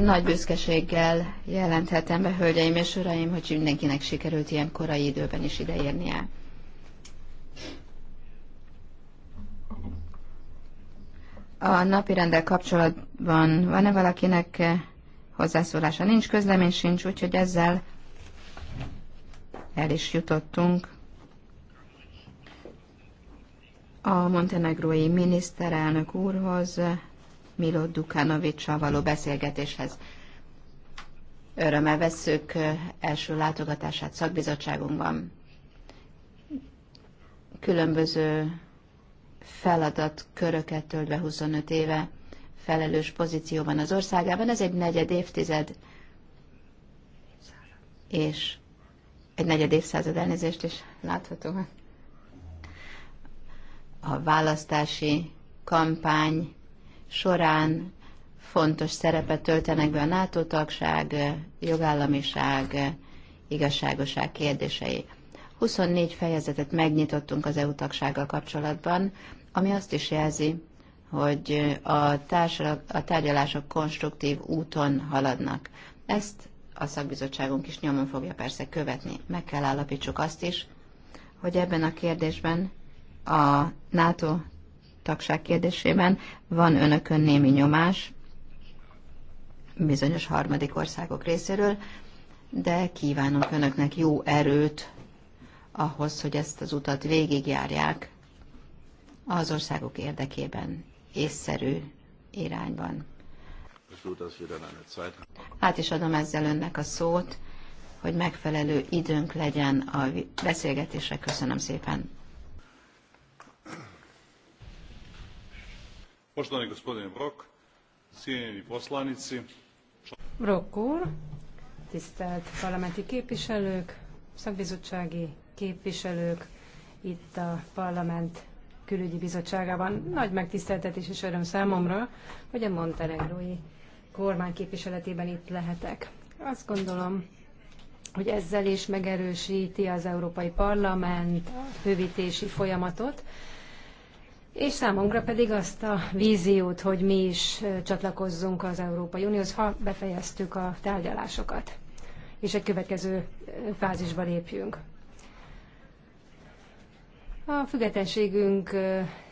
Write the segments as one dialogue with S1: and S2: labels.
S1: Nagy büszkeséggel jelenthetem be, hölgyeim és uraim, hogy mindenkinek sikerült ilyen korai időben is ideérnie. A napi rendel kapcsolatban van-e valakinek hozzászólása? Nincs közlemény sincs, úgyhogy ezzel el is jutottunk a montenegrói miniszterelnök úrhoz, Milo Dukanovicsal való beszélgetéshez. Örömmel vesszük első látogatását szakbizottságunkban. Különböző feladatköröket tölt be 25 éve felelős pozícióban az országában. Ez egy negyed évtized, és egy negyed évszázad elnézést is láthatóan a választási kampány során fontos szerepet töltenek be a NATO tagság, jogállamiság, igazságoság kérdései. 24 fejezetet megnyitottunk az EU tagsággal kapcsolatban, ami azt is jelzi, hogy a, társal a tárgyalások konstruktív úton haladnak. Ezt a szakbizottságunk is nyomon fogja persze követni. Meg kell állapítsuk azt is, hogy ebben a kérdésben a NATO tagság kérdésében van önökön némi nyomás bizonyos harmadik országok részéről, de kívánunk önöknek jó erőt ahhoz, hogy ezt az utat végigjárják az országok érdekében, észszerű irányban. Hát is adom ezzel önnek a szót, hogy megfelelő időnk legyen a beszélgetésre. Köszönöm szépen.
S2: Poštovani gospodine Brok, cijenjeni poslanici.
S3: Brok úr, tisztelt parlamenti képviselők, szakbizottsági képviselők itt a parlament külügyi bizottságában. Nagy megtiszteltetés és öröm számomra, hogy a Montenegrói kormány képviseletében itt lehetek. Azt gondolom, hogy ezzel is megerősíti az Európai Parlament a bővítési folyamatot, és számomra pedig azt a víziót, hogy mi is csatlakozzunk az Európai Unióhoz, ha befejeztük a tárgyalásokat, és egy következő fázisba lépjünk. A függetlenségünk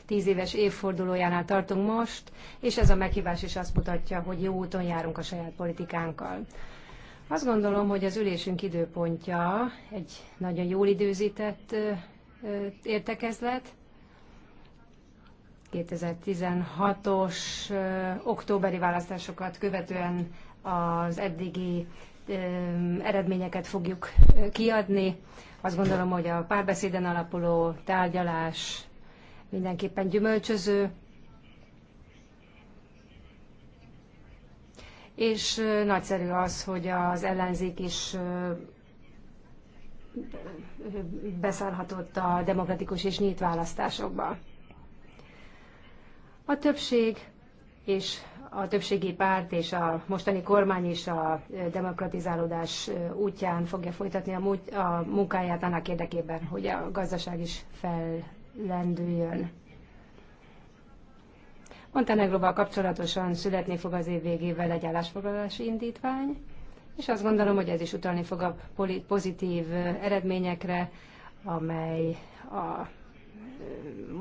S3: tíz éves évfordulójánál tartunk most, és ez a meghívás is azt mutatja, hogy jó úton járunk a saját politikánkkal. Azt gondolom, hogy az ülésünk időpontja egy nagyon jól időzített értekezlet, 2016-os októberi választásokat követően az eddigi eredményeket fogjuk kiadni. Azt gondolom, hogy a párbeszéden alapuló tárgyalás mindenképpen gyümölcsöző, és nagyszerű az, hogy az ellenzék is beszállhatott a demokratikus és nyílt választásokba. A többség és a többségi párt és a mostani kormány is a demokratizálódás útján fogja folytatni a, a munkáját annak érdekében, hogy a gazdaság is fellendüljön. Montenegroval kapcsolatosan születni fog az év végével egy állásfoglalási indítvány, és azt gondolom, hogy ez is utalni fog a pozitív eredményekre, amely a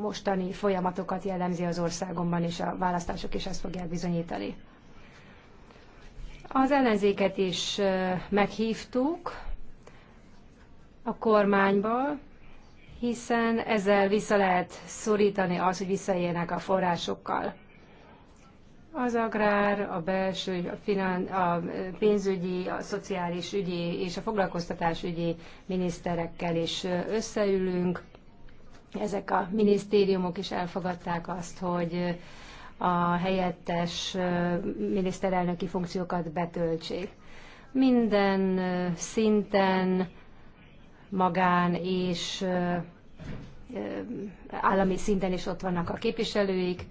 S3: mostani folyamatokat jellemzi az országomban, és a választások is ezt fogják bizonyítani. Az ellenzéket is meghívtuk a kormányba, hiszen ezzel vissza lehet szorítani az, hogy visszaélnek a forrásokkal. Az agrár, a belső, a, finan, a pénzügyi, a szociális ügyi és a foglalkoztatás ügyi miniszterekkel is összeülünk, ezek a minisztériumok is elfogadták azt, hogy a helyettes miniszterelnöki funkciókat betöltsék. Minden szinten, magán és állami szinten is ott vannak a képviselőik,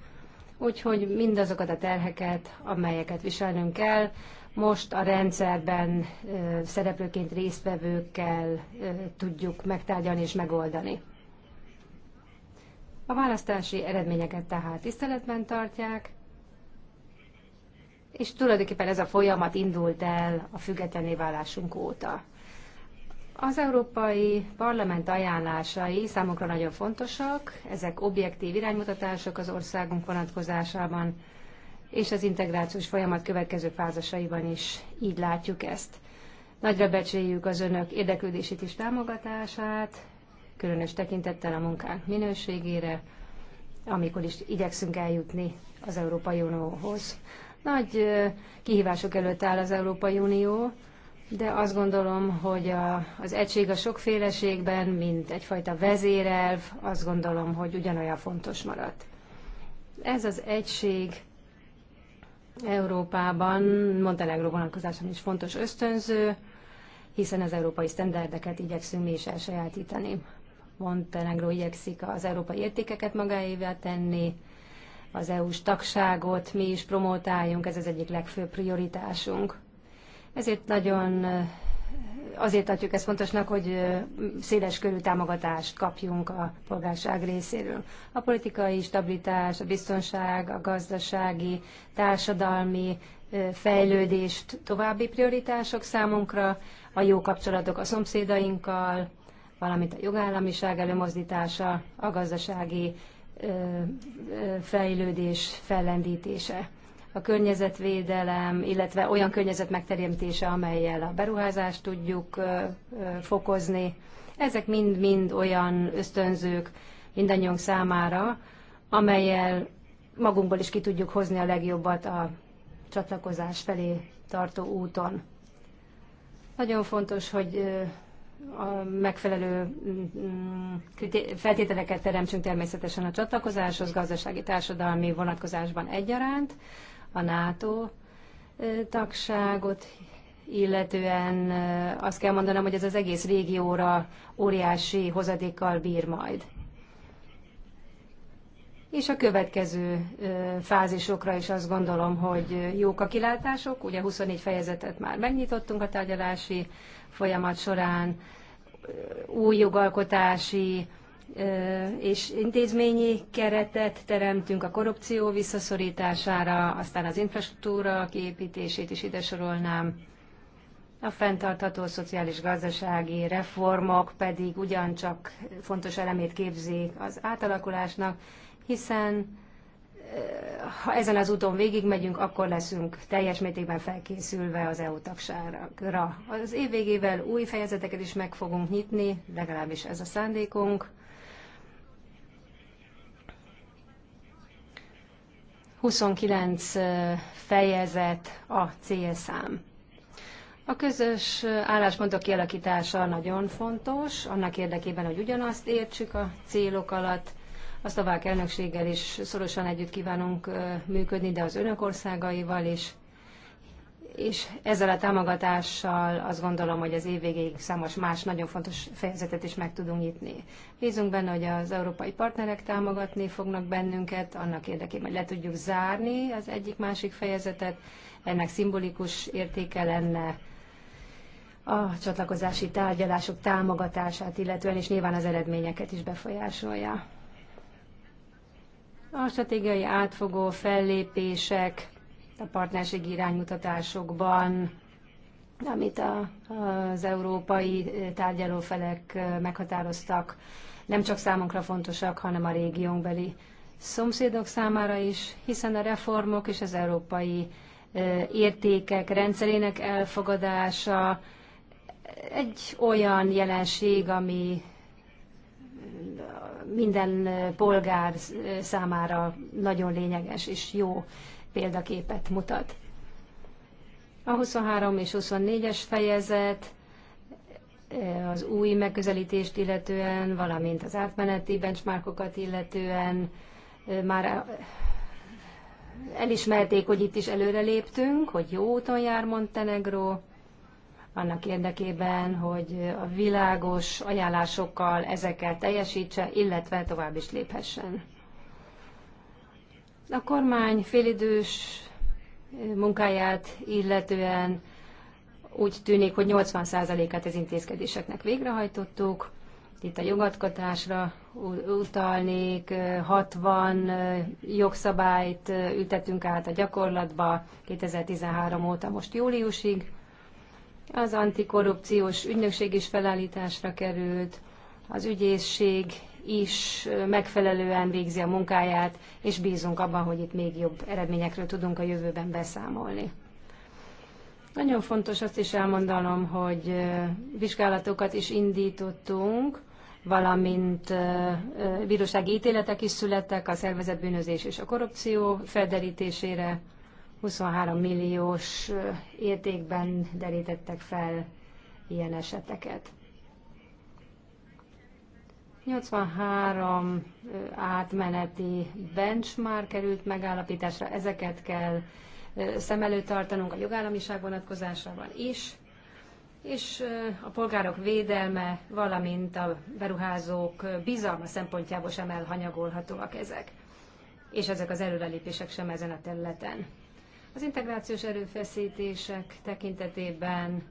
S3: úgyhogy mindazokat a terheket, amelyeket viselnünk kell, most a rendszerben szereplőként résztvevőkkel tudjuk megtárgyalni és megoldani. A választási eredményeket tehát tiszteletben tartják, és tulajdonképpen ez a folyamat indult el a függetlené válásunk óta. Az Európai Parlament ajánlásai számunkra nagyon fontosak, ezek objektív iránymutatások az országunk vonatkozásában, és az integrációs folyamat következő fázasaiban is így látjuk ezt. Nagyra becséljük az önök érdeklődését és támogatását, különös tekintettel a munkánk minőségére, amikor is igyekszünk eljutni az Európai Unióhoz. Nagy kihívások előtt áll az Európai Unió, de azt gondolom, hogy a, az egység a sokféleségben, mint egyfajta vezérelv, azt gondolom, hogy ugyanolyan fontos maradt. Ez az egység Európában, Montenegro vonatkozásában is fontos ösztönző, hiszen az európai sztenderdeket igyekszünk mi is elsajátítani. Montenegro igyekszik az európai értékeket magáévá tenni, az EU-s tagságot mi is promotáljunk, ez az egyik legfőbb prioritásunk. Ezért nagyon azért adjuk ezt fontosnak, hogy széles körű támogatást kapjunk a polgárság részéről. A politikai stabilitás, a biztonság, a gazdasági, társadalmi fejlődést további prioritások számunkra, a jó kapcsolatok a szomszédainkkal, valamint a jogállamiság előmozdítása, a gazdasági fejlődés fellendítése, a környezetvédelem, illetve olyan környezet megteremtése, amelyel a beruházást tudjuk fokozni. Ezek mind-mind olyan ösztönzők mindannyiunk számára, amelyel magunkból is ki tudjuk hozni a legjobbat a csatlakozás felé tartó úton. Nagyon fontos, hogy a megfelelő mm, feltételeket teremtsünk természetesen a csatlakozáshoz, gazdasági, társadalmi vonatkozásban egyaránt, a NATO tagságot illetően azt kell mondanom, hogy ez az egész régióra óriási hozadékkal bír majd. És a következő fázisokra is azt gondolom, hogy jók a kilátások. Ugye 24 fejezetet már megnyitottunk a tárgyalási folyamat során új jogalkotási és intézményi keretet teremtünk a korrupció visszaszorítására, aztán az infrastruktúra kiépítését is ide sorolnám. A fenntartható szociális-gazdasági reformok pedig ugyancsak fontos elemét képzik az átalakulásnak, hiszen ha ezen az úton végigmegyünk, akkor leszünk teljes mértékben felkészülve az EU tagságra. Az év végével új fejezeteket is meg fogunk nyitni, legalábbis ez a szándékunk. 29 fejezet a célszám. A közös álláspontok kialakítása nagyon fontos, annak érdekében, hogy ugyanazt értsük a célok alatt, a szlovák elnökséggel is szorosan együtt kívánunk működni, de az önök országaival is. És ezzel a támogatással azt gondolom, hogy az év végéig számos más nagyon fontos fejezetet is meg tudunk nyitni. Bízunk benne, hogy az európai partnerek támogatni fognak bennünket, annak érdekében, hogy le tudjuk zárni az egyik-másik fejezetet. Ennek szimbolikus értéke lenne a csatlakozási tárgyalások támogatását, illetően és nyilván az eredményeket is befolyásolja. A stratégiai átfogó fellépések a partnerségi iránymutatásokban, amit a, az európai tárgyalófelek meghatároztak, nem csak számunkra fontosak, hanem a régiónkbeli szomszédok számára is, hiszen a reformok és az európai értékek rendszerének elfogadása egy olyan jelenség, ami minden polgár számára nagyon lényeges és jó példaképet mutat. A 23 és 24-es fejezet az új megközelítést illetően, valamint az átmeneti benchmarkokat illetően már elismerték, hogy itt is előreléptünk, hogy jó úton jár Montenegro, annak érdekében, hogy a világos ajánlásokkal ezeket teljesítse, illetve tovább is léphessen. A kormány félidős munkáját illetően úgy tűnik, hogy 80%-át az intézkedéseknek végrehajtottuk. Itt a jogalkotásra utalnék, 60 jogszabályt ültetünk át a gyakorlatba 2013 óta most júliusig az antikorrupciós ügynökség is felállításra került, az ügyészség is megfelelően végzi a munkáját, és bízunk abban, hogy itt még jobb eredményekről tudunk a jövőben beszámolni. Nagyon fontos azt is elmondanom, hogy vizsgálatokat is indítottunk, valamint bírósági ítéletek is születtek a szervezetbűnözés és a korrupció felderítésére, 23 milliós értékben derítettek fel ilyen eseteket. 83 átmeneti benchmark került megállapításra, ezeket kell szem előtt tartanunk a jogállamiság vonatkozásában is, és a polgárok védelme, valamint a beruházók bizalma szempontjából sem elhanyagolhatóak ezek, és ezek az előrelépések sem ezen a területen. Az integrációs erőfeszítések tekintetében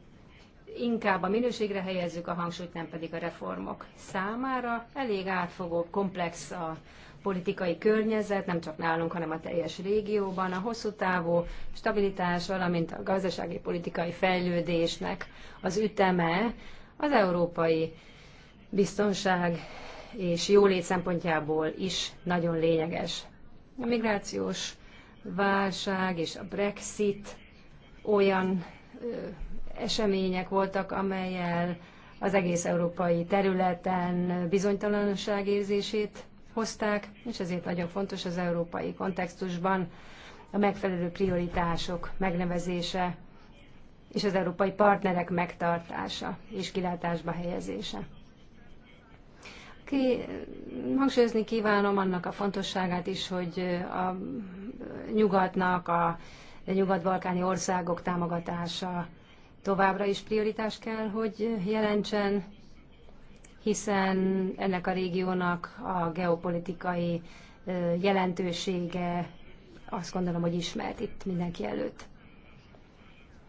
S3: inkább a minőségre helyezzük a hangsúlyt, nem pedig a reformok számára. Elég átfogó, komplex a politikai környezet, nem csak nálunk, hanem a teljes régióban, a hosszú távú stabilitás, valamint a gazdasági politikai fejlődésnek az üteme az európai biztonság és jólét szempontjából is nagyon lényeges. A migrációs válság és a Brexit olyan események voltak, amelyel az egész európai területen bizonytalanság érzését hozták, és ezért nagyon fontos az európai kontextusban a megfelelő prioritások megnevezése és az európai partnerek megtartása és kilátásba helyezése. Ki, hangsúlyozni kívánom annak a fontosságát is, hogy a nyugatnak, a nyugat-balkáni országok támogatása továbbra is prioritás kell, hogy jelentsen, hiszen ennek a régiónak a geopolitikai jelentősége azt gondolom, hogy ismert itt mindenki előtt.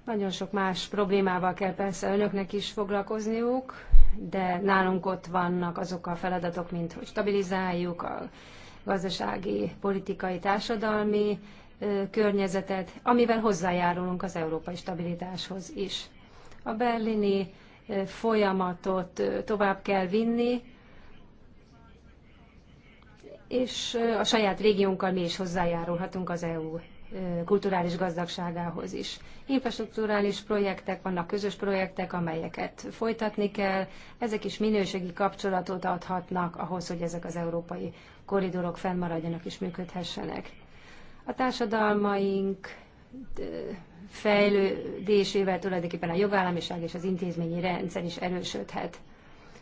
S3: Nagyon sok más problémával kell persze önöknek is foglalkozniuk, de nálunk ott vannak azok a feladatok, mint hogy stabilizáljuk a gazdasági, politikai, társadalmi környezetet, amivel hozzájárulunk az európai stabilitáshoz is. A berlini folyamatot tovább kell vinni, és a saját régiónkkal mi is hozzájárulhatunk az EU kulturális gazdagságához is. Infrastruktúrális projektek, vannak közös projektek, amelyeket folytatni kell. Ezek is minőségi kapcsolatot adhatnak ahhoz, hogy ezek az európai koridorok fennmaradjanak és működhessenek. A társadalmaink fejlődésével tulajdonképpen a jogállamiság és az intézményi rendszer is erősödhet.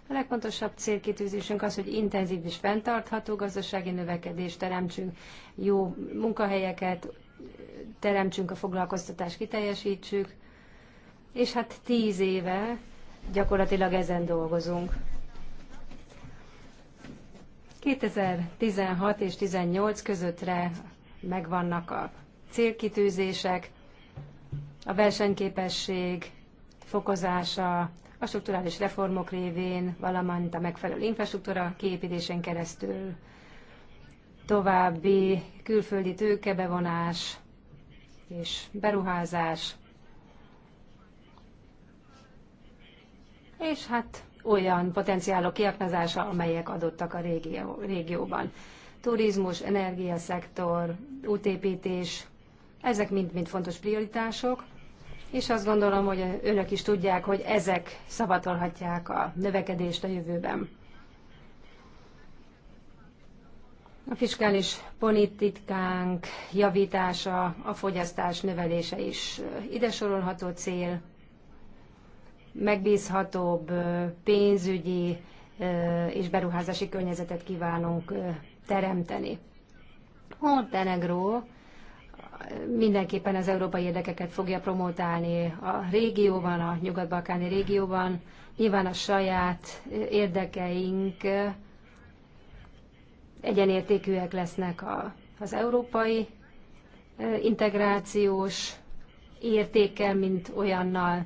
S3: A legfontosabb célkitűzésünk az, hogy intenzív és fenntartható gazdasági növekedést teremtsünk, jó munkahelyeket teremtsünk, a foglalkoztatást kiteljesítsük, és hát tíz éve gyakorlatilag ezen dolgozunk. 2016 és 2018 közöttre megvannak a célkitűzések, a versenyképesség fokozása, a strukturális reformok révén, valamint a megfelelő infrastruktúra kiépítésen keresztül, további külföldi tőkebevonás és beruházás, és hát olyan potenciálok kiaknázása, amelyek adottak a régió, régióban. Turizmus, energiaszektor, útépítés, ezek mind-mind fontos prioritások, és azt gondolom, hogy önök is tudják, hogy ezek szabadolhatják a növekedést a jövőben. A fiskális politikánk javítása, a fogyasztás növelése is ide sorolható cél, megbízhatóbb pénzügyi és beruházási környezetet kívánunk teremteni. Montenegro mindenképpen az európai érdekeket fogja promotálni a régióban, a nyugat-balkáni régióban. Nyilván a saját érdekeink egyenértékűek lesznek a, az európai integrációs értékkel, mint olyannal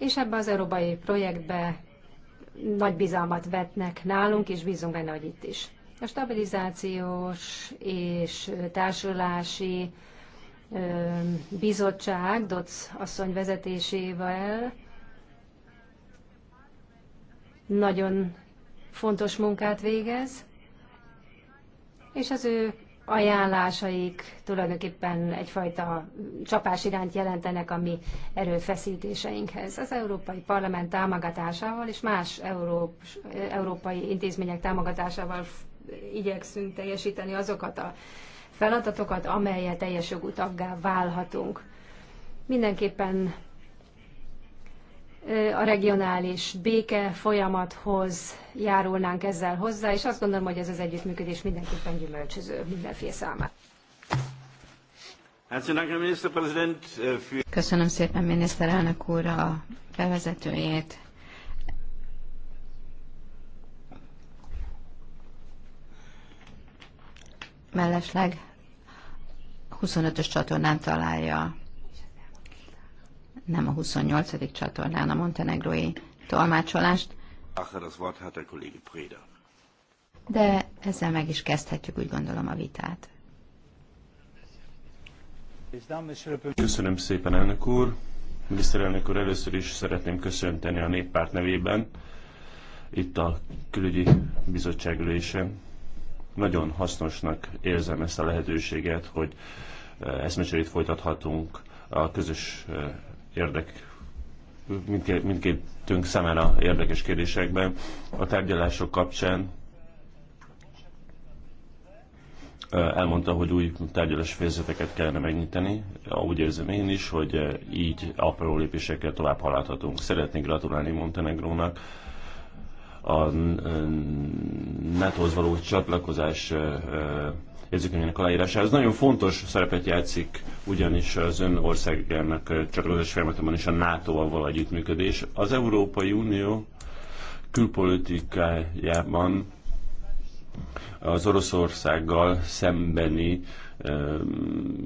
S3: és ebbe az európai projektbe nagy bizalmat vetnek nálunk, és bízunk benne, hogy itt is. A stabilizációs és társulási bizottság, Doc asszony vezetésével nagyon fontos munkát végez, és az ő ajánlásaik tulajdonképpen egyfajta csapás irányt jelentenek a mi erőfeszítéseinkhez. Az Európai Parlament támogatásával és más Európ, európai intézmények támogatásával igyekszünk teljesíteni azokat a feladatokat, amelyet teljes jogú taggá válhatunk. Mindenképpen a regionális béke folyamathoz járulnánk ezzel hozzá, és azt gondolom, hogy ez az együttműködés mindenképpen gyümölcsöző mindenféle számára.
S1: Köszönöm szépen miniszterelnök úr a bevezetőjét. Mellesleg 25-ös csatornán találja
S2: nem a 28.
S1: csatornán a montenegrói tolmácsolást.
S2: Hát
S1: De ezzel meg is kezdhetjük, úgy gondolom, a vitát.
S4: Köszönöm szépen, elnök úr. Miniszterelnök úr, először is szeretném köszönteni a néppárt nevében itt a külügyi bizottság ülésen. Nagyon hasznosnak érzem ezt a lehetőséget, hogy eh, eszmecserét folytathatunk a közös eh, érdek mindkét, mindkétünk a érdekes kérdésekben. A tárgyalások kapcsán elmondta, hogy új tárgyalási fejezeteket kellene megnyitani. Úgy érzem én is, hogy így apró lépésekkel tovább haladhatunk. Szeretnék gratulálni Montenegrónak a NATO-hoz való csatlakozás jegyzőkönyvének aláírásához. Nagyon fontos szerepet játszik ugyanis az ön országának csatlakozás folyamatában is a NATO-val való együttműködés. Az Európai Unió külpolitikájában az Oroszországgal szembeni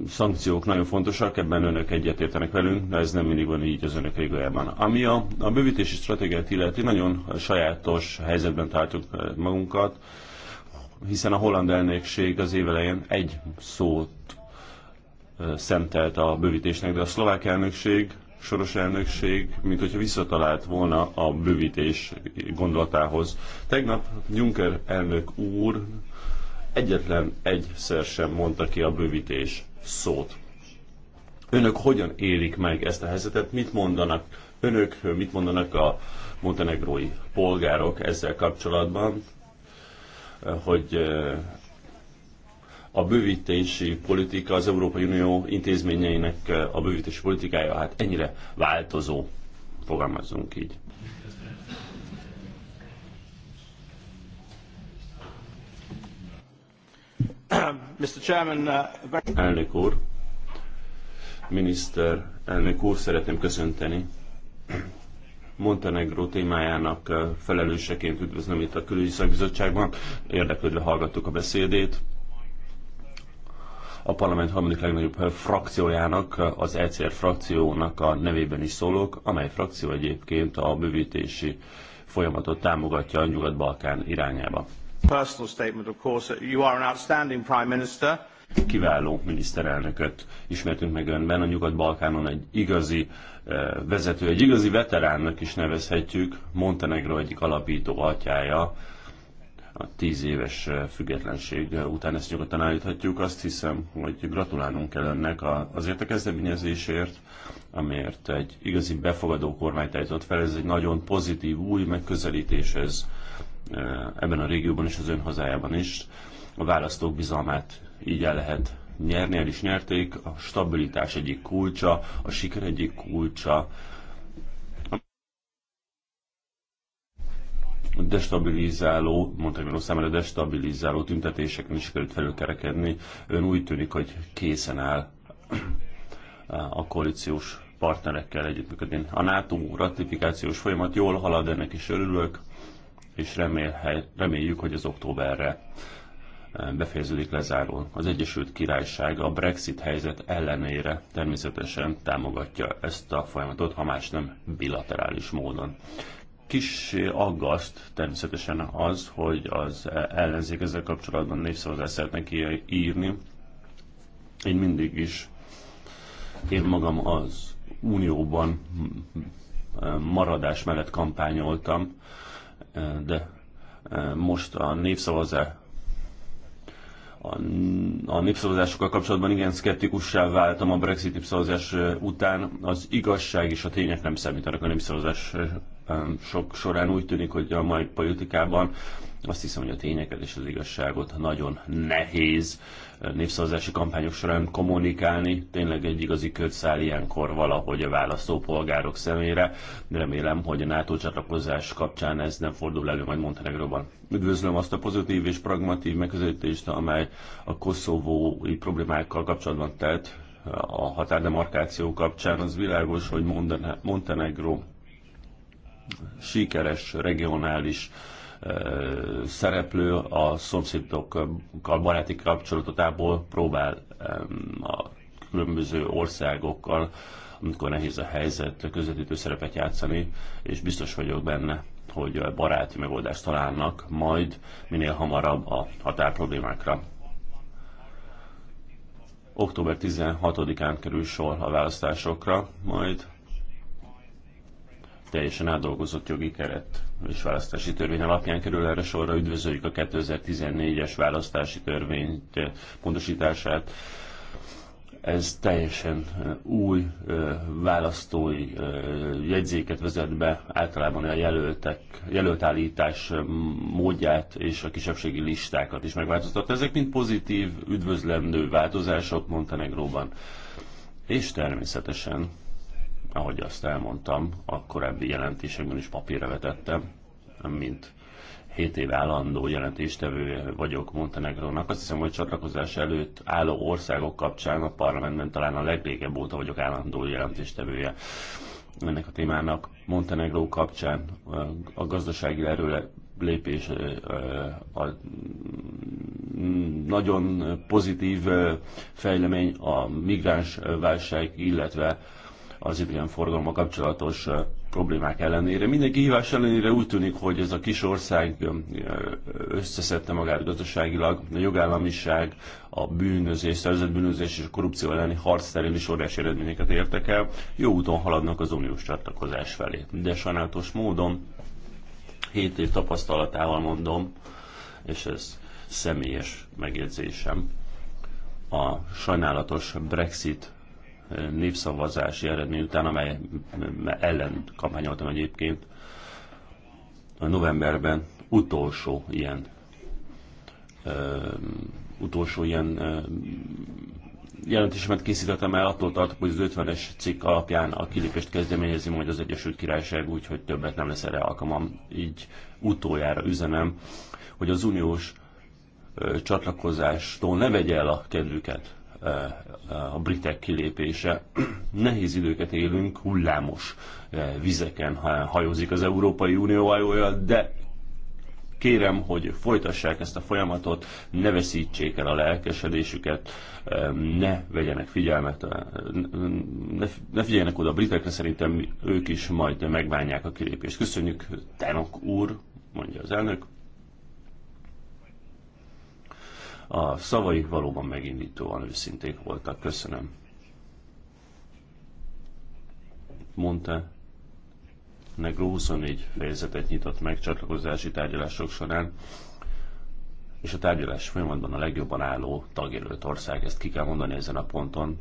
S4: szankciók nagyon fontosak, ebben önök egyetértenek velünk, de ez nem mindig van így az önök régolyában. Ami a, a bővítési stratégiát illeti, nagyon sajátos helyzetben találtuk magunkat hiszen a holland elnökség az évelején egy szót szentelt a bővítésnek, de a szlovák elnökség, soros elnökség, mint hogyha visszatalált volna a bővítés gondolatához. Tegnap Juncker elnök úr egyetlen egyszer sem mondta ki a bővítés szót. Önök hogyan élik meg ezt a helyzetet? Mit mondanak önök, mit mondanak a montenegrói polgárok ezzel kapcsolatban? hogy eh, a bővítési politika, az Európai Unió intézményeinek eh, a bővítési politikája hát ennyire változó, fogalmazunk így.
S2: Mr. Chairman, uh...
S4: Elnök úr, miniszter, elnök úr, szeretném köszönteni Montenegro témájának felelőseként üdvözlöm itt a külügyi szakbizottságban. Érdeklődve hallgattuk a beszédét. A parlament harmadik legnagyobb frakciójának, az ECR frakciónak a nevében is szólok, amely frakció egyébként a bővítési folyamatot támogatja a Nyugat-Balkán irányába.
S2: Personal statement, of course, you are an outstanding prime minister
S4: kiváló miniszterelnököt ismertünk meg önben, a Nyugat-Balkánon egy igazi vezető, egy igazi veteránnak is nevezhetjük, Montenegro egyik alapító atyája, a tíz éves függetlenség után ezt nyugodtan állíthatjuk. Azt hiszem, hogy gratulálnunk kell önnek azért a kezdeményezésért, amért egy igazi befogadó kormányt állított fel. Ez egy nagyon pozitív, új megközelítés ez ebben a régióban és az ön hazájában is. A választók bizalmát így el lehet nyerni, el is nyerték, a stabilitás egyik kulcsa, a siker egyik kulcsa, destabilizáló, Montenegro számára destabilizáló tüntetéseken is került felülkerekedni. Ön úgy tűnik, hogy készen áll a koalíciós partnerekkel együttműködni. A NATO ratifikációs folyamat jól halad, ennek is örülök, és remélhet, reméljük, hogy az októberre befejeződik, lezárul. Az Egyesült Királyság a Brexit helyzet ellenére természetesen támogatja ezt a folyamatot, ha más nem bilaterális módon. Kis aggaszt természetesen az, hogy az ellenzék ezzel kapcsolatban népszavazást szeretne írni. Én mindig is, én magam az unióban maradás mellett kampányoltam, de most a népszavazás a, a népszavazásokkal kapcsolatban igen szkeptikussá váltam a Brexit népszavazás után. Az igazság és a tények nem számítanak a népszavazás Ehm, sok során úgy tűnik, hogy a mai politikában azt hiszem, hogy a tényeket és az igazságot nagyon nehéz eh, népszavazási kampányok során kommunikálni. Tényleg egy igazi kötszál ilyenkor valahogy a választópolgárok szemére. Remélem, hogy a NATO csatlakozás kapcsán ez nem fordul elő majd Montenegróban. Üdvözlöm azt a pozitív és pragmatív megközelítést, amely a koszovói problémákkal kapcsolatban tett eh, a határdemarkáció kapcsán. Az világos, hogy Montenegró sikeres regionális szereplő a szomszédokkal baráti kapcsolatából próbál a különböző országokkal, amikor nehéz a helyzet, közvetítő szerepet játszani, és biztos vagyok benne, hogy baráti megoldást találnak majd minél hamarabb a határ problémákra. Október 16-án kerül sor a választásokra, majd teljesen átdolgozott jogi keret és választási törvény alapján kerül erre sorra. Üdvözöljük a 2014-es választási törvény pontosítását. Eh, Ez teljesen eh, új eh, választói jegyzéket vezet be, általában a jelöltek, jelöltállítás módját és a kisebbségi listákat is megváltoztatta. Ezek mind pozitív, üdvözlendő változások Montenegróban. És természetesen ahogy azt elmondtam, a korábbi jelentésekben is papírra vetettem, mint 7 éve állandó jelentéstevő vagyok Montenegrónak. Azt hiszem, hogy csatlakozás előtt álló országok kapcsán a parlamentben talán a legrégebb óta vagyok állandó jelentéstevője ennek a témának. Montenegró kapcsán eh, a gazdasági erőle lépés eh, eh, a nagyon pozitív fejlemény, a migráns válság, illetve az ilyen forgalma kapcsolatos problémák ellenére. Mindenki hívás ellenére úgy tűnik, hogy ez a kis ország összeszedte magát gazdaságilag, a jogállamiság, a bűnözés, szerzett bűnözés és a korrupció elleni harc terén is óriási eredményeket értek el. Jó úton haladnak az uniós csatlakozás felé. De sajnálatos módon, 7 év tapasztalatával mondom, és ez személyes megjegyzésem, a sajnálatos Brexit népszavazási eredmény után, amely ellen kampányoltam egyébként a novemberben utolsó ilyen ö, utolsó ilyen ö, jelentésemet készítettem el, attól tartok, hogy az 50-es cikk alapján a kilépést kezdeményezi majd az Egyesült Királyság, úgyhogy többet nem lesz erre alkalmam. Így utoljára üzenem, hogy az uniós ö, csatlakozástól ne vegye el a kedvüket a britek kilépése. Nehéz időket élünk, hullámos eh, vizeken hajózik az Európai Unió hajója, de kérem, hogy folytassák ezt a folyamatot, ne veszítsék el a lelkesedésüket, eh, ne vegyenek figyelmet, eh, ne, figyeljenek oda a britekre, szerintem ők is majd megbánják a kilépést. Köszönjük, Tenok úr, mondja az elnök. A szavaik valóban megindítóan őszinték voltak. Köszönöm. Mondta. Negro 24 fejezetet nyitott meg csatlakozási tárgyalások során, és a tárgyalás folyamatban a legjobban álló tagjelölt ország. Ezt ki kell mondani ezen a ponton,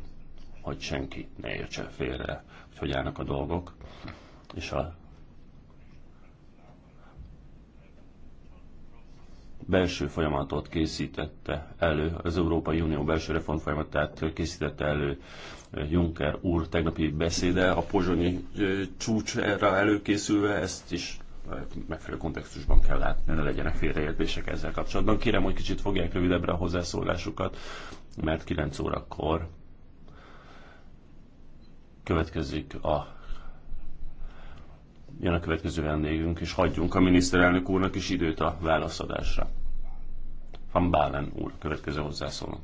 S4: hogy senki ne értse félre, hogy hogy állnak a dolgok. És a belső folyamatot készítette elő, az Európai Unió belső reformfolyamatát készítette elő eh, Juncker úr tegnapi beszéde, a pozsonyi eh, csúcsra előkészülve, ezt is eh, megfelelő kontextusban kell látni, ne legyenek félreértések ezzel kapcsolatban. Kérem, hogy kicsit fogják rövidebbre a hozzászólásukat, mert 9 órakor következik a jön a következő vendégünk, és hagyjunk a miniszterelnök úrnak is időt a válaszadásra. Van Bálen úr, következő hozzászóló.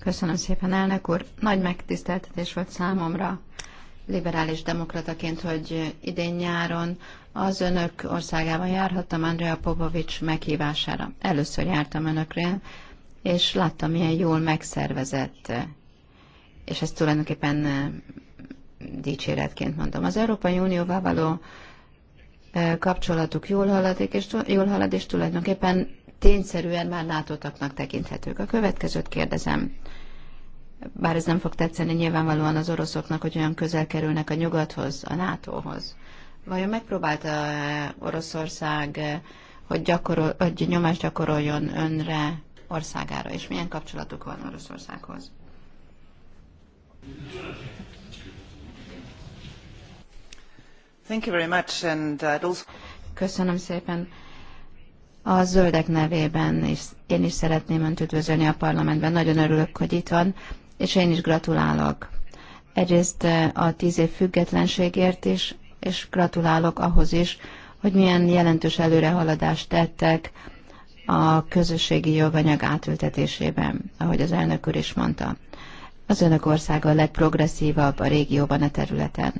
S1: Köszönöm szépen, elnök úr. Nagy megtiszteltetés volt számomra, liberális demokrataként, hogy idén nyáron az önök országában járhattam Andrea Popovics meghívására. Először jártam önökre, és láttam, milyen jól megszervezett, és ez tulajdonképpen dicséretként mondom. Az Európai Unióval való kapcsolatuk jól halad, és, jól halad, és tulajdonképpen tényszerűen már látottaknak tekinthetők. A következőt kérdezem, bár ez nem fog tetszeni nyilvánvalóan az oroszoknak, hogy olyan közel kerülnek a nyugathoz, a NATO-hoz. Vajon megpróbálta Oroszország, hogy, gyakorol, hogy nyomást gyakoroljon önre, országára, és milyen kapcsolatuk van Oroszországhoz? Uh, Köszönöm szépen. A zöldek nevében is, én is szeretném Önt üdvözölni a parlamentben. Nagyon örülök, hogy itt van, és én is gratulálok. Egyrészt eh, a tíz év függetlenségért is, és gratulálok ahhoz is, hogy milyen jelentős előrehaladást tettek a közösségi joganyag átültetésében, ahogy az elnök úr is mondta. Az önök országa a legprogresszívabb a régióban a területen.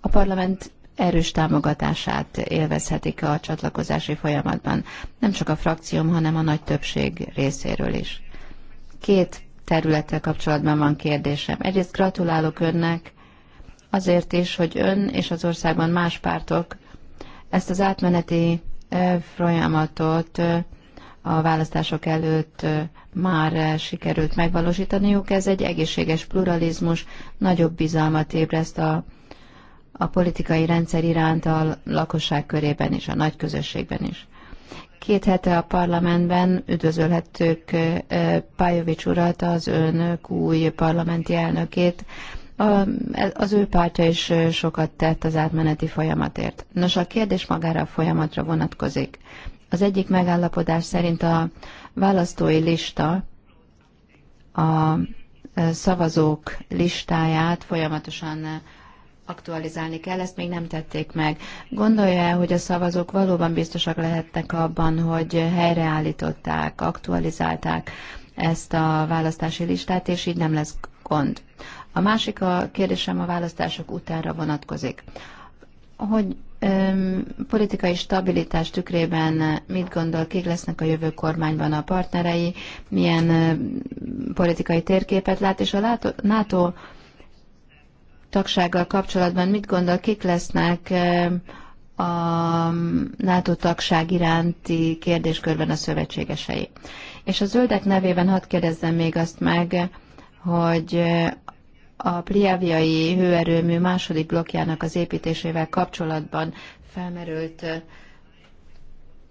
S1: A parlament erős támogatását élvezhetik a csatlakozási folyamatban, nem csak a frakcióm, hanem a nagy többség részéről is. Két területtel kapcsolatban van kérdésem. Egyrészt gratulálok önnek azért is, hogy ön és az országban más pártok ezt az átmeneti folyamatot a választások előtt már sikerült megvalósítaniuk. Ez egy egészséges pluralizmus, nagyobb bizalmat ébreszt a a politikai rendszer iránt a lakosság körében is, a nagy közösségben is. Két hete a parlamentben üdvözölhettük Pajovics urat, az önök új parlamenti elnökét. A, az ő pártja is sokat tett az átmeneti folyamatért. Nos, a kérdés magára a folyamatra vonatkozik. Az egyik megállapodás szerint a választói lista a szavazók listáját folyamatosan aktualizálni kell, ezt még nem tették meg. Gondolja -e, hogy a szavazók valóban biztosak lehettek abban, hogy helyreállították, aktualizálták ezt a választási listát, és így nem lesz gond. A másik a kérdésem a választások utánra vonatkozik. Hogy öm, politikai stabilitás tükrében mit gondol, kik lesznek a jövő kormányban a partnerei, milyen öm, politikai térképet lát, és a NATO tagsággal kapcsolatban mit gondol, kik lesznek a NATO tagság iránti kérdéskörben a szövetségesei. És a zöldek nevében hadd kérdezzem még azt meg, hogy a pliáviai hőerőmű második blokkjának az építésével kapcsolatban felmerült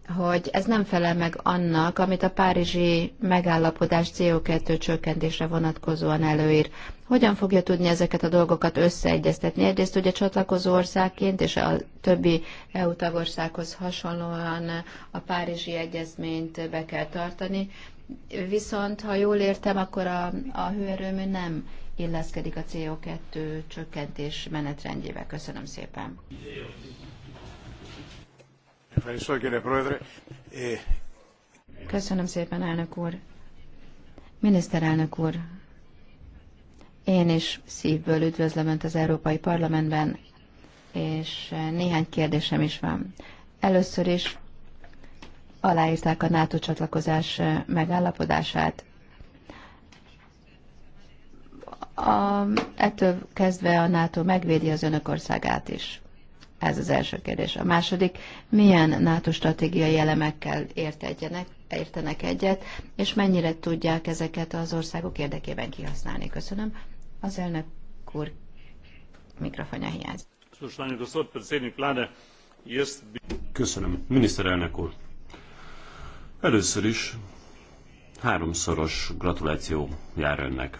S1: hogy ez nem felel meg annak, amit a párizsi megállapodás CO2 csökkentésre vonatkozóan előír. Hogyan fogja tudni ezeket a dolgokat összeegyeztetni? Egyrészt ugye csatlakozó országként és a többi EU tagországhoz hasonlóan a párizsi egyezményt be kell tartani, viszont ha jól értem, akkor a, a hőerőmű nem illeszkedik a CO2 csökkentés menetrendjével. Köszönöm szépen. Köszönöm szépen, elnök úr. Miniszterelnök úr, én is szívből üdvözlöm Önt az Európai Parlamentben, és néhány kérdésem is van. Először is aláírták a NATO csatlakozás megállapodását. A, ettől kezdve a NATO megvédi az önök országát is. Ez az első kérdés. A második, milyen NATO stratégiai elemekkel ért egyenek, értenek egyet, és mennyire tudják ezeket az országok érdekében kihasználni? Köszönöm. Az elnök úr mikrofonja hiányzik.
S4: Köszönöm. Miniszterelnök úr, először is háromszoros gratuláció jár önnek.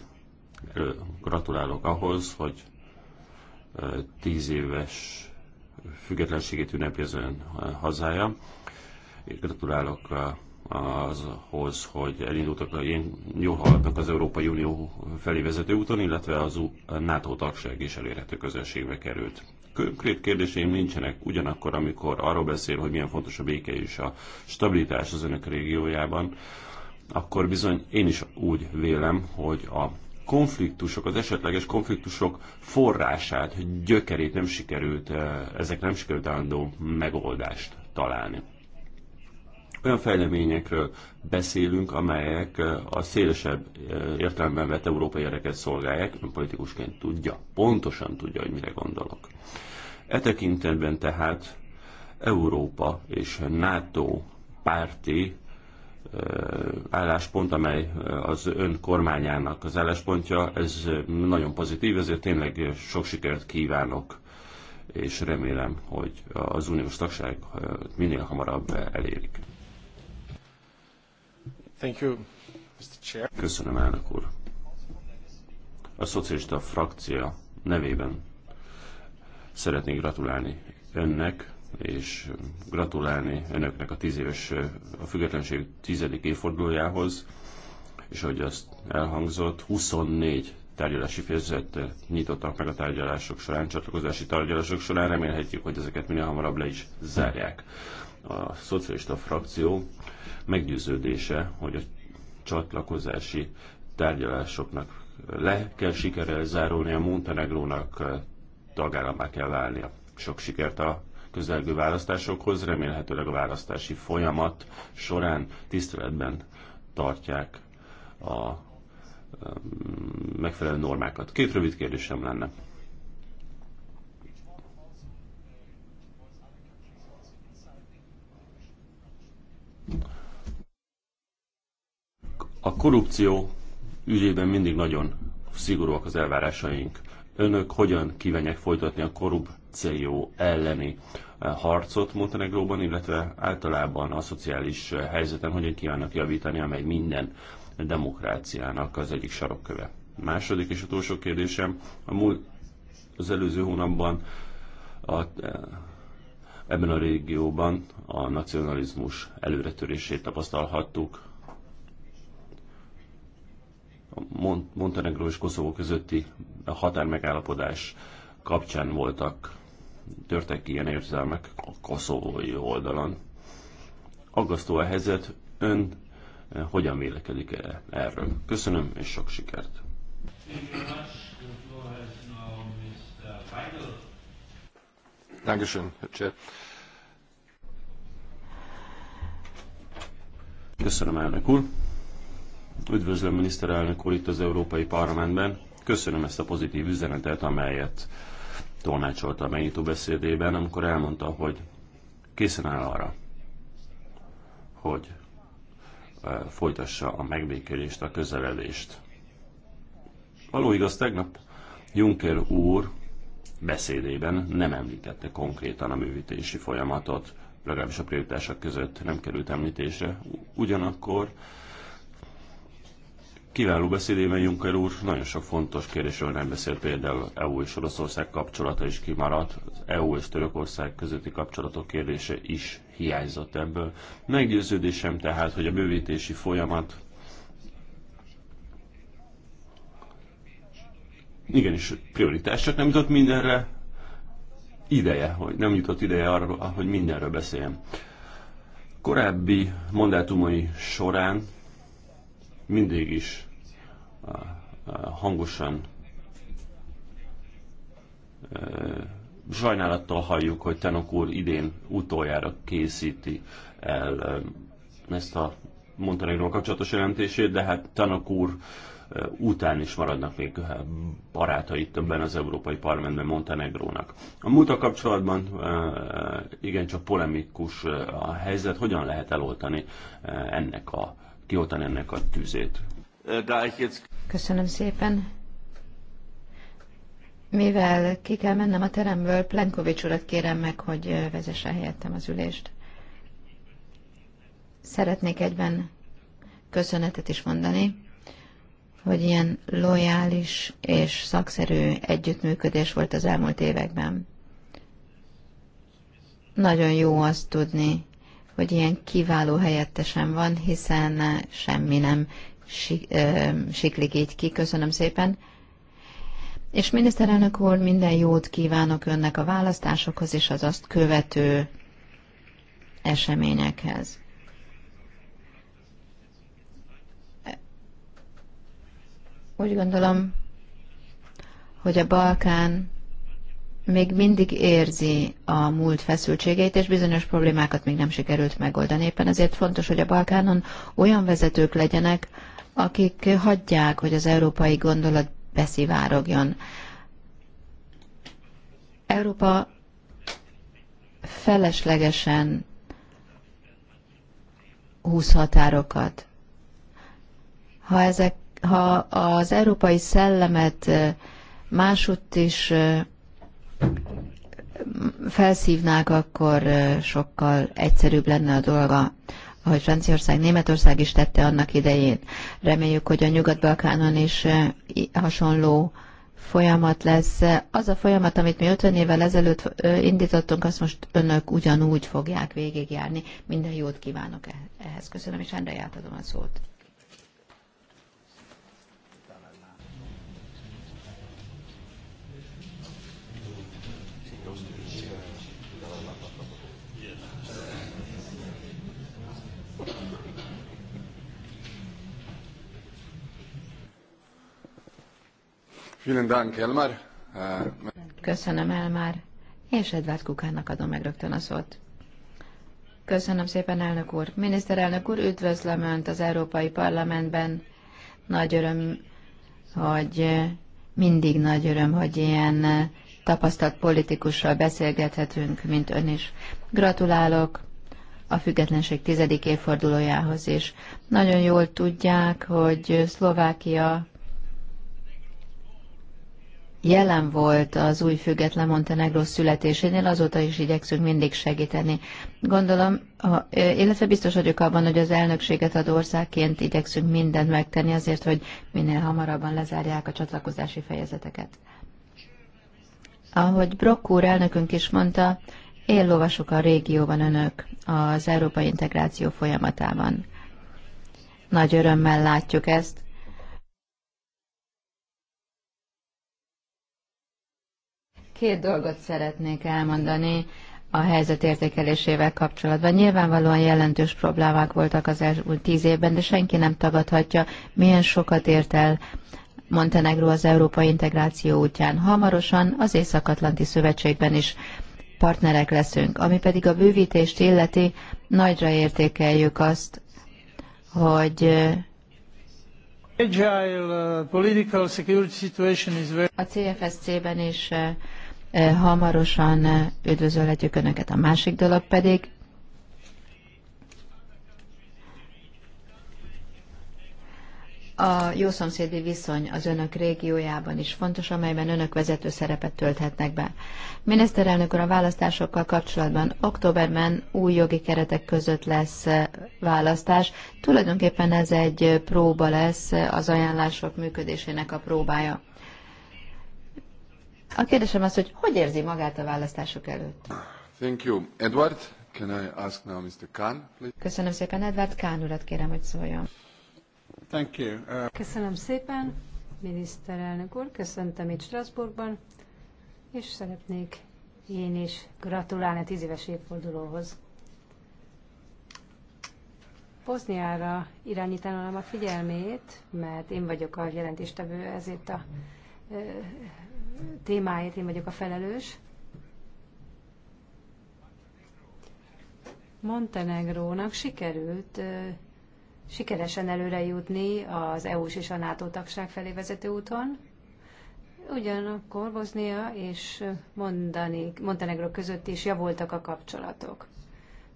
S4: Gratulálok ahhoz, hogy tíz éves függetlenségét ünnepli az ön hazája. És gratulálok uh, azhoz, hogy elindultak, uh, ilyen jól haladnak az Európai Unió felé vezető úton, illetve az NATO tagság is elérhető közelségbe került. Konkrét kérdéseim nincsenek, ugyanakkor, amikor arról beszél, hogy milyen fontos a béke és a stabilitás az önök régiójában, akkor bizony én is úgy vélem, hogy a konfliktusok, az esetleges konfliktusok forrását, gyökerét nem sikerült, eh, ezek nem sikerült állandó megoldást találni. Olyan fejleményekről beszélünk, amelyek eh, a szélesebb eh, értelemben vett európai érdeket szolgálják, a politikusként tudja, pontosan tudja, hogy mire gondolok. E tekintetben tehát Európa és NATO párti álláspont, amely az ön kormányának az álláspontja. Ez nagyon pozitív, ezért tényleg sok sikert kívánok, és remélem, hogy az uniós tagság minél hamarabb elérik. Thank you, Mr. Chair. Köszönöm, elnök úr. A szocialista frakcia nevében szeretnék gratulálni önnek és gratulálni önöknek a tíz éves, a függetlenség tizedik évfordulójához, és ahogy azt elhangzott, 24 tárgyalási fejezet nyitottak meg a tárgyalások során, csatlakozási tárgyalások során, remélhetjük, hogy ezeket minél hamarabb le is zárják. A szocialista frakció meggyőződése, hogy a csatlakozási tárgyalásoknak le kell sikerrel a Montenegrónak tagállamá kell válnia. Sok sikert a közelgő választásokhoz. Remélhetőleg a választási folyamat során tiszteletben tartják a um, megfelelő normákat. Két rövid kérdésem lenne. A korrupció ügyében mindig nagyon szigorúak az elvárásaink. Önök hogyan kívánják folytatni a korrupció elleni harcot Montenegróban, illetve általában a szociális helyzeten hogyan kívánnak javítani, amely minden demokráciának az egyik sarokköve. Második és utolsó kérdésem, a múlt, az előző hónapban a, ebben a régióban a nacionalizmus előretörését tapasztalhattuk. A Montenegró és Koszovó közötti határmegállapodás kapcsán voltak törtek ilyen érzelmek a koszovói oldalon. Aggasztó a helyzet, ön eh, hogyan vélekedik -e erről? Köszönöm, és sok sikert! Köszönöm, elnök úr. Üdvözlöm, miniszterelnök úr itt az Európai Parlamentben. Köszönöm ezt a pozitív üzenetet, amelyet tolmácsolta a megnyitó beszédében, amikor elmondta, hogy készen áll arra, hogy e, folytassa a megbékélést, a közeledést. Való igaz, tegnap Juncker úr beszédében nem említette konkrétan a művítési folyamatot, legalábbis a prioritások között nem került említésre. Ugyanakkor kiváló beszédében Juncker úr nagyon sok fontos kérdésről nem beszélt, például EU és Oroszország kapcsolata is kimaradt, az EU és Törökország közötti kapcsolatok kérdése is hiányzott ebből. Meggyőződésem tehát, hogy a bővítési folyamat igenis prioritás, csak nem jutott mindenre ideje, hogy nem jutott ideje arra, hogy mindenről beszéljem. Korábbi mandátumai során mindig is hangosan e, sajnálattal halljuk, hogy Tenok úr idén utoljára készíti el e, ezt a Montenegról kapcsolatos jelentését, de hát Tanok úr e, után is maradnak még barátai többen az Európai Parlamentben Montenegrónak. A múlta kapcsolatban igencsak polemikus a helyzet, hogyan lehet eloltani ennek a kioltani ennek a tűzét.
S1: Köszönöm szépen. Mivel ki kell mennem a teremből, Plenkovics urat kérem meg, hogy vezesse helyettem az ülést. Szeretnék egyben köszönetet is mondani, hogy ilyen lojális és szakszerű együttműködés volt az elmúlt években. Nagyon jó azt tudni, hogy ilyen kiváló helyettesem van, hiszen eh, semmi nem si, ö, eh, siklik így ki. Köszönöm szépen. És miniszterelnök úr, minden jót kívánok önnek a választásokhoz és az azt követő eseményekhez. Úgy gondolom, hogy a Balkán még mindig érzi a múlt feszültségeit, és bizonyos problémákat még nem sikerült megoldani. Éppen ezért fontos, hogy a Balkánon olyan vezetők legyenek, akik hagyják, hogy az európai gondolat beszivárogjon. Európa feleslegesen húz határokat. Ha, ezek, ha az európai szellemet eh, másutt is eh, felszívnák, akkor sokkal egyszerűbb lenne a dolga, ahogy Franciaország, Németország is tette annak idején. Reméljük, hogy a Nyugat-Balkánon is hasonló folyamat lesz. Az a folyamat, amit mi 50 évvel ezelőtt indítottunk, azt most önök ugyanúgy fogják végigjárni. Minden jót kívánok e-, ehhez. Köszönöm, és Endre átadom a szót. Köszönöm, Elmar. És Edvard Kukának adom meg rögtön a szót. Köszönöm szépen, elnök úr. Miniszterelnök úr, üdvözlöm Önt az Európai Parlamentben. Nagy öröm, hogy eh, mindig nagy öröm, hogy ilyen eh, tapasztalt politikussal beszélgethetünk, mint Ön is. Gratulálok a függetlenség tizedik évfordulójához is. Nagyon jól tudják, hogy Szlovákia jelen volt az új független Montenegró születésénél, azóta is igyekszünk mindig segíteni. Gondolom, illetve biztos vagyok abban, hogy az elnökséget adó országként igyekszünk mindent megtenni azért, hogy minél hamarabban lezárják a csatlakozási fejezeteket. Ahogy Brock úr elnökünk is mondta, lovasok a régióban önök az európai integráció folyamatában. Nagy örömmel látjuk ezt, Két dolgot szeretnék elmondani a helyzet értékelésével kapcsolatban. Nyilvánvalóan jelentős problémák voltak az elmúlt tíz évben, de senki nem tagadhatja, milyen sokat ért el Montenegro az európai integráció útján. Hamarosan az Észak-Atlanti Szövetségben is partnerek leszünk. Ami pedig a bővítést illeti, nagyra értékeljük azt, hogy uh, a CFSC-ben is Eh, hamarosan eh, üdvözölhetjük Önöket. A másik dolog pedig, A jószomszédi viszony az önök régiójában is fontos, amelyben önök vezető szerepet tölthetnek be. Miniszterelnök úr, a választásokkal kapcsolatban októberben új jogi keretek között lesz eh, választás. Tulajdonképpen ez egy próba lesz, az ajánlások működésének a próbája. A kérdésem az, hogy hogy érzi magát a választások előtt?
S3: Thank you. Edward, can I ask now Mr. Khan, please?
S1: Köszönöm szépen, Edward. Khan urat kérem, hogy
S3: szóljon.
S2: Thank you. Uh...
S3: Köszönöm szépen, miniszterelnök úr. Köszöntöm itt Strasbourgban, és szeretnék én is gratulálni a tíz éves évfordulóhoz. Boszniára irányítanám a figyelmét, mert én vagyok a jelentéstevő ezért a témáért én vagyok a felelős. Montenegrónak sikerült sikeresen előre jutni az EU-s és a NATO tagság felé vezető úton. Ugyanakkor Bosznia és Mondani, Montenegro között is javultak a kapcsolatok.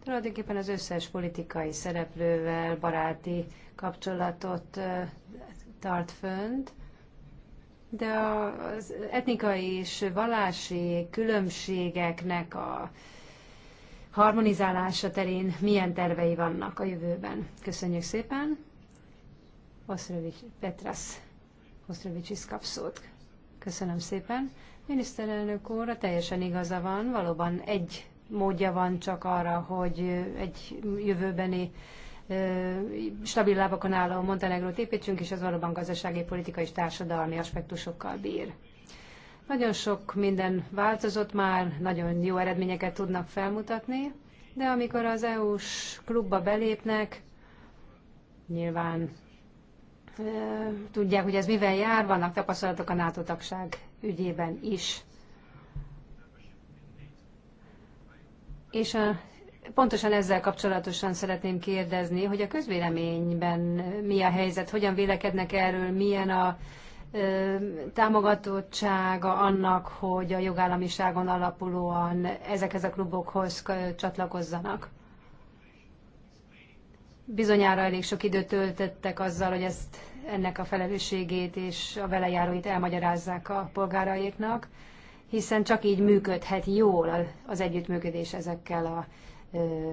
S3: Tulajdonképpen az összes politikai szereplővel baráti kapcsolatot tart fönt, de az etnikai és vallási különbségeknek a harmonizálása terén milyen tervei vannak a jövőben. Köszönjük szépen. Oszrovics Petras is kap szót. Köszönöm szépen. Miniszterelnök úr, teljesen igaza van, valóban egy módja van csak arra, hogy egy jövőbeni stabil lábakon álló Montenegrót építsünk, és ez valóban gazdasági, politikai és társadalmi aspektusokkal bír. Nagyon sok minden változott már, nagyon jó eredményeket tudnak felmutatni, de amikor az EU-s klubba belépnek, nyilván e, tudják, hogy ez mivel jár, vannak tapasztalatok a NATO tagság ügyében is. És a Pontosan ezzel kapcsolatosan szeretném kérdezni, hogy a közvéleményben mi a helyzet, hogyan vélekednek erről, milyen a ö, támogatottsága annak, hogy a jogállamiságon alapulóan ezekhez a klubokhoz csatlakozzanak. Bizonyára elég sok időt töltöttek azzal, hogy ezt ennek a felelősségét és a vele járóit elmagyarázzák a polgáraiknak, hiszen csak így működhet jól az együttműködés ezekkel a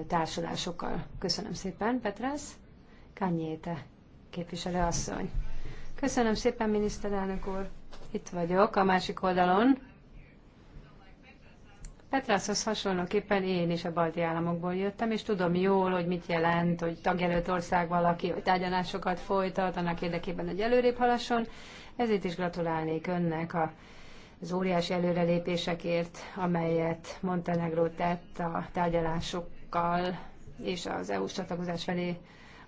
S3: társulásokkal. Köszönöm szépen, Petrász. képviselő asszony. Köszönöm szépen, miniszterelnök úr. Itt vagyok, a másik oldalon. Petrászhoz hasonlóképpen én is a balti államokból jöttem, és tudom jól, hogy mit jelent, hogy tagjelölt ország valaki, hogy tárgyalásokat folytat, annak érdekében, hogy előrébb halasson. Ezért is gratulálnék önnek a az óriási előrelépésekért, amelyet Montenegro tett a tárgyalásokkal és az EU csatlakozás felé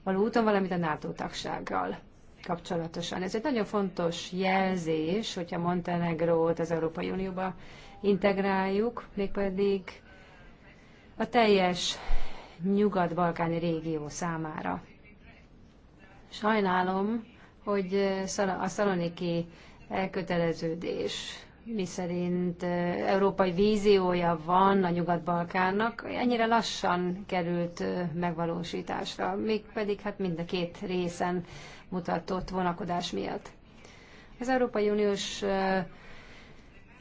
S3: való úton, valamint a NATO tagsággal kapcsolatosan. Ez egy nagyon fontos jelzés, hogyha Montenegrót az Európai Unióba integráljuk, mégpedig a teljes nyugat-balkáni régió számára. Sajnálom, hogy a szaloniki elköteleződés miszerint európai víziója van a Nyugat-Balkánnak, ennyire lassan került megvalósításra, pedig hát mind a két részen mutatott vonakodás miatt. Az Európai Uniós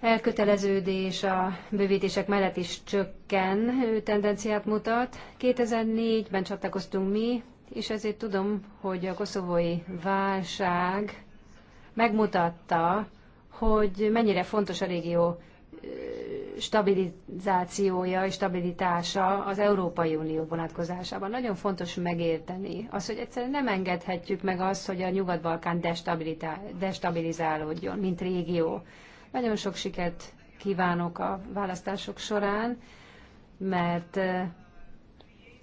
S3: elköteleződés a bővítések mellett is csökken tendenciát mutat. 2004-ben csatlakoztunk mi, és ezért tudom, hogy a koszovói válság megmutatta, hogy mennyire fontos a régió stabilizációja és stabilitása az Európai Unió vonatkozásában. Nagyon fontos megérteni az, hogy egyszerűen nem engedhetjük meg azt, hogy a Nyugat-Balkán destabilizálódjon, mint régió. Nagyon sok sikert kívánok a választások során, mert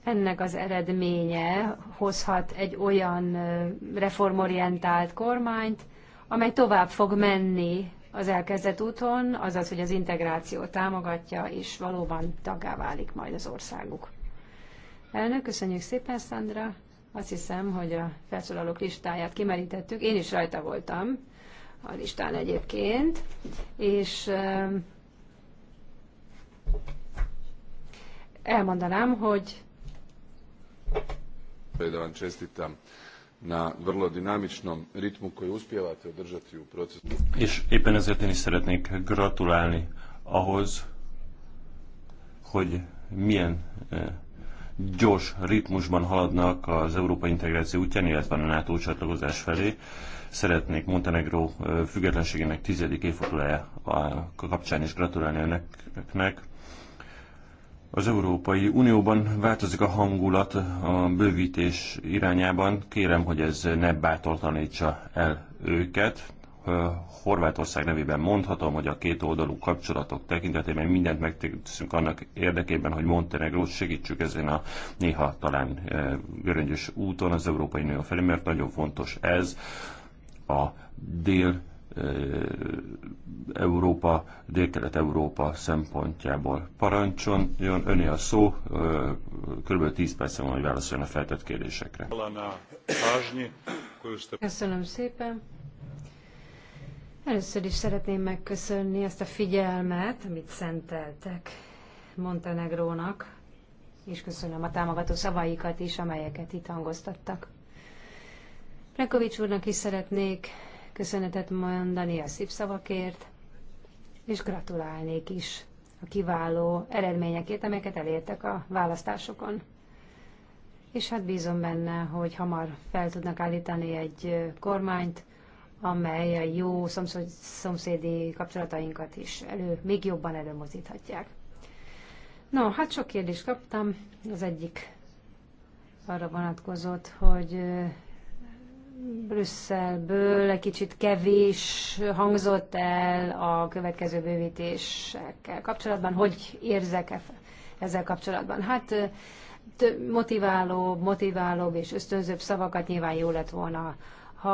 S3: ennek az eredménye hozhat egy olyan reformorientált kormányt, amely tovább fog menni az elkezdett úton, azaz, hogy az integráció támogatja, és valóban taggá válik majd az országuk. Elnök, köszönjük szépen, Szandra. Azt hiszem, hogy a felszólalók listáját kimerítettük. Én is rajta voltam a listán egyébként, és elmondanám, hogy...
S4: Például Csesztítem na
S3: vrlo dinamičnom ritmu koji uspijevate održati u procesu. És éppen ezért
S4: én is szeretnék gratulálni ahhoz, hogy milyen eh, gyors ritmusban haladnak az európai integráció útján, illetve a NATO csatlakozás felé. Szeretnék Montenegró eh, függetlenségének tizedik évfordulája eh, kapcsán is gratulálni önöknek. Az Európai Unióban változik a hangulat a bővítés irányában. Kérem, hogy ez ne bátortanítsa el őket. Horvátország nevében mondhatom, hogy a két oldalú kapcsolatok tekintetében mindent megteszünk annak érdekében, hogy Montenegrót segítsük ezen a néha talán göröngyös úton az Európai Unió felé, mert nagyon fontos ez a dél Európa, Dél-Kelet-Európa szempontjából. jön öné a szó, kb. 10 percen van, hogy válaszoljon a feltett kérdésekre.
S3: Köszönöm szépen. Először is szeretném megköszönni ezt a figyelmet, amit szenteltek Montenegrónak, és köszönöm a támogató szavaikat is, amelyeket itt hangoztattak. Plenkovics úrnak is szeretnék köszönetet mondani a szép szavakért, és gratulálnék is a kiváló eredményekért, amelyeket elértek a választásokon. És hát bízom benne, hogy hamar fel tudnak állítani egy kormányt, amely a jó szomszéd, szomszédi kapcsolatainkat is elő, még jobban előmozdíthatják. No, hát sok kérdést kaptam. Az egyik arra vonatkozott, hogy Brüsszelből egy kicsit kevés hangzott el a következő bővítésekkel kapcsolatban. Hogy érzek -e ezzel kapcsolatban? Hát motiválóbb, motiválóbb és ösztönzőbb szavakat nyilván jó lett volna ha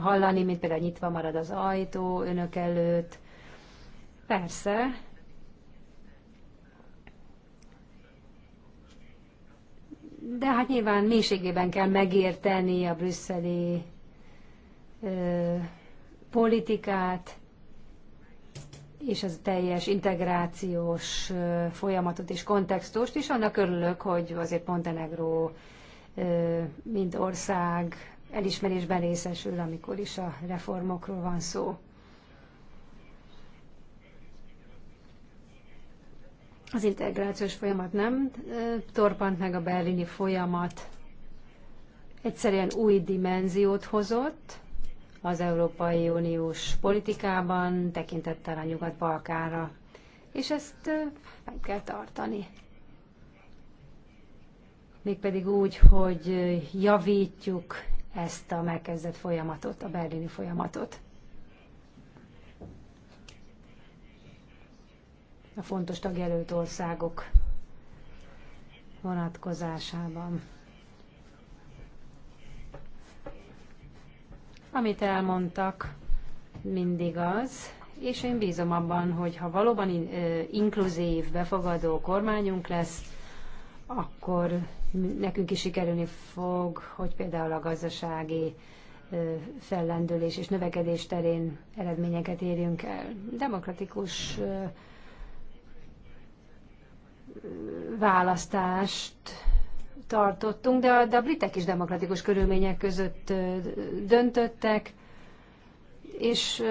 S3: hallani, mint például nyitva marad az ajtó önök előtt. Persze, de hát nyilván mélységében kell megérteni a brüsszeli ö, politikát, és az teljes integrációs folyamatot és kontextust is. Annak örülök, hogy azért ö, mint ország, elismerésben részesül, amikor is a reformokról van szó. Az integrációs folyamat nem torpant meg a berlini folyamat, egyszerűen új dimenziót hozott az Európai Uniós politikában, tekintettel a Nyugat-Balkánra, és ezt meg kell tartani. Mégpedig úgy, hogy javítjuk ezt a megkezdett folyamatot, a berlini folyamatot. a fontos tagjelölt országok vonatkozásában. Amit elmondtak, mindig az, és én bízom abban, hogy ha valóban inkluzív, befogadó kormányunk lesz, akkor nekünk is sikerülni fog, hogy például a gazdasági fellendülés és növekedés terén eredményeket érjünk el. Demokratikus választást tartottunk, de a, de a britek is demokratikus körülmények között döntöttek, és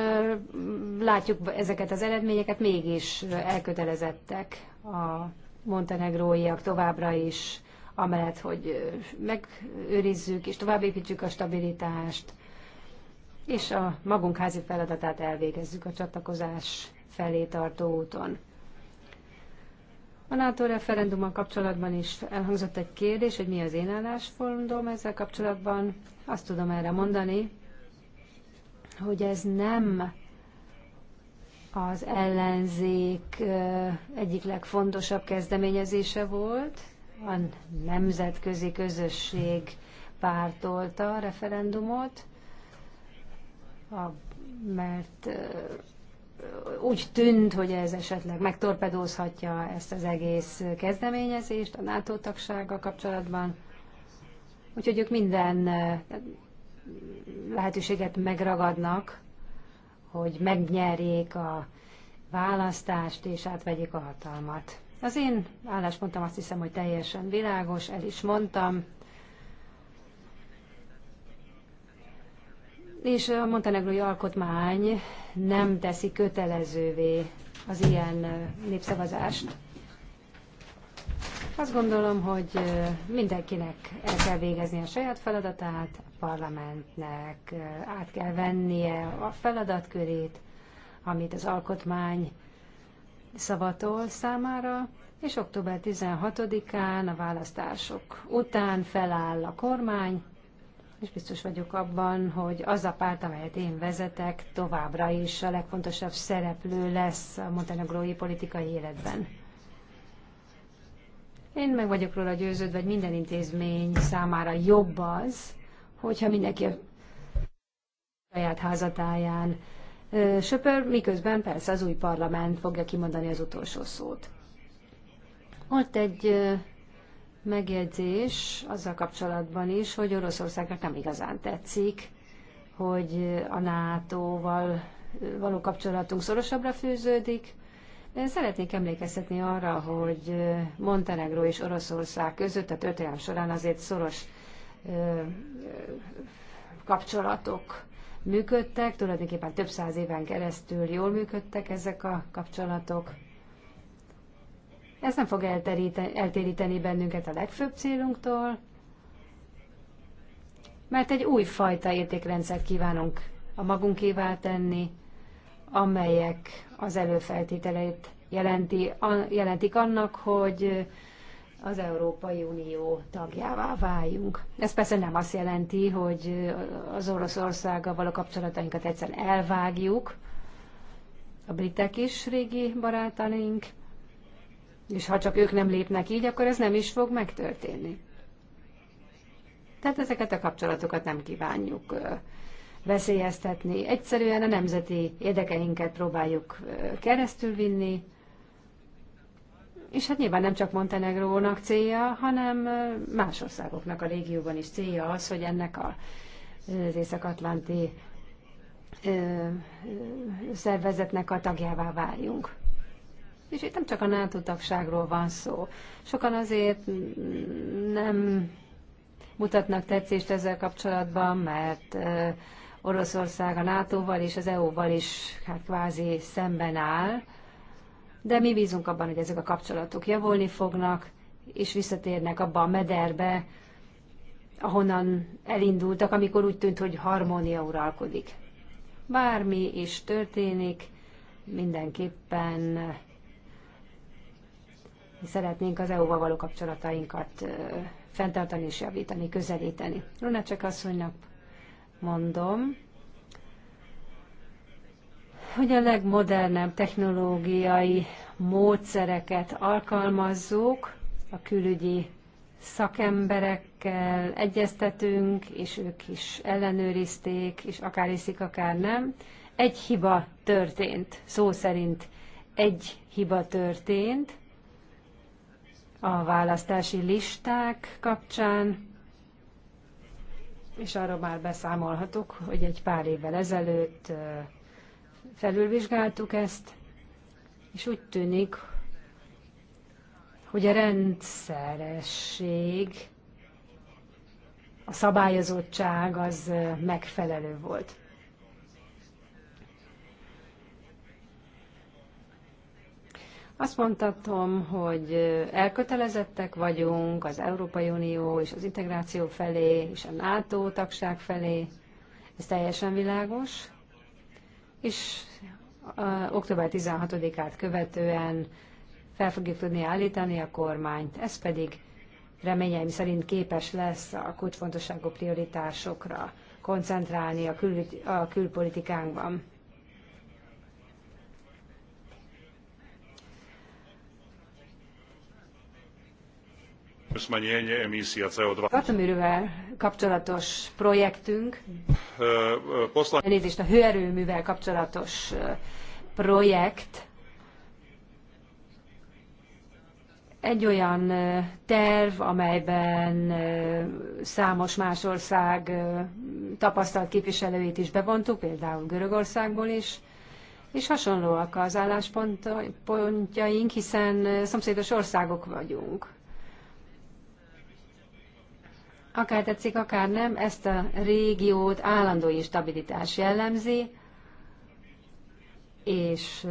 S3: látjuk ezeket az eredményeket, mégis elkötelezettek a montenegróiak továbbra is, amellett, hogy megőrizzük és továbbépítsük a stabilitást, és a magunk házi feladatát elvégezzük a csatlakozás felé tartó úton. A NATO referendummal kapcsolatban is elhangzott egy kérdés, hogy mi az én állásfondom ezzel kapcsolatban. Azt tudom erre mondani, hogy ez nem az ellenzék egyik legfontosabb kezdeményezése volt, a nemzetközi közösség pártolta a referendumot, a, mert úgy tűnt, hogy ez esetleg megtorpedózhatja ezt az egész kezdeményezést a NATO tagsággal kapcsolatban. Úgyhogy ők minden eh, lehetőséget megragadnak, hogy megnyerjék a választást és átvegyék a hatalmat. Az én álláspontom azt hiszem, hogy teljesen világos, el is mondtam, és a montenegrói alkotmány nem teszi kötelezővé az ilyen népszavazást. Azt gondolom, hogy mindenkinek el kell végezni a saját feladatát, a parlamentnek át kell vennie a feladatkörét, amit az alkotmány szavatol számára, és október 16-án a választások után feláll a kormány, és biztos vagyok abban, hogy az a párt, amelyet én vezetek, továbbra is a legfontosabb szereplő lesz a montenegrói politikai életben. Én meg vagyok róla győződve, hogy minden intézmény számára jobb az, hogyha mindenki a saját házatáján söpör, miközben persze az új parlament fogja kimondani az utolsó szót. Volt egy megjegyzés azzal kapcsolatban is, hogy Oroszországnak nem igazán tetszik, hogy a NATO-val való kapcsolatunk szorosabbra fűződik. Szeretnék emlékeztetni arra, hogy Montenegro és Oroszország között a történelem során azért szoros kapcsolatok működtek, tulajdonképpen több száz éven keresztül jól működtek ezek a kapcsolatok. Ez nem fog eltéríteni bennünket a legfőbb célunktól, mert egy új fajta értékrendszert kívánunk a magunkévá tenni, amelyek az előfeltételeit jelenti, jelentik annak, hogy az Európai Unió tagjává váljunk. Ez persze nem azt jelenti, hogy az Oroszországgal való kapcsolatainkat egyszerűen elvágjuk, a britek is régi barátaink, és ha csak ők nem lépnek így, akkor ez nem is fog megtörténni. Tehát ezeket a kapcsolatokat nem kívánjuk veszélyeztetni. Egyszerűen a nemzeti érdekeinket próbáljuk keresztül vinni, és hát nyilván nem csak Montenegrónak célja, hanem más országoknak a régióban is célja az, hogy ennek a, az Észak-Atlanti szervezetnek a tagjává váljunk. És itt nem csak a NATO tagságról van szó. Sokan azért nem mutatnak tetszést ezzel kapcsolatban, mert Oroszország a NATO-val és az EU-val is hát kvázi szemben áll, de mi bízunk abban, hogy ezek a kapcsolatok javulni fognak, és visszatérnek abba a mederbe, ahonnan elindultak, amikor úgy tűnt, hogy harmónia uralkodik. Bármi is történik, mindenképpen szeretnénk az EU-val való kapcsolatainkat fenntartani és javítani, közelíteni. Luna csak asszonynak mondom, hogy a legmodernebb technológiai módszereket alkalmazzuk, a külügyi szakemberekkel egyeztetünk, és ők is ellenőrizték, és akár iszik, akár nem. Egy hiba történt, szó szerint egy hiba történt, a választási listák kapcsán, és arról már beszámolhatok, hogy egy pár évvel ezelőtt felülvizsgáltuk ezt, és úgy tűnik, hogy a rendszeresség, a szabályozottság az megfelelő volt. Azt mondhatom, hogy elkötelezettek vagyunk az Európai Unió és az integráció felé, és a NATO tagság felé. Ez teljesen világos. És október 16-át követően fel fogjuk tudni állítani a kormányt. Ez pedig reményeim szerint képes lesz a kulcsfontosságú prioritásokra koncentrálni a, kül, a külpolitikánkban.
S2: Atomerővel
S3: kapcsolatos projektünk,
S2: e, e, elnézést a
S3: hőerőművel kapcsolatos e, projekt, egy olyan terv, amelyben számos más ország tapasztalt képviselőit is bevontuk, például Görögországból is, és hasonlóak az álláspontjaink, hiszen szomszédos országok vagyunk. Akár tetszik, akár nem, ezt a régiót állandó instabilitás jellemzi, és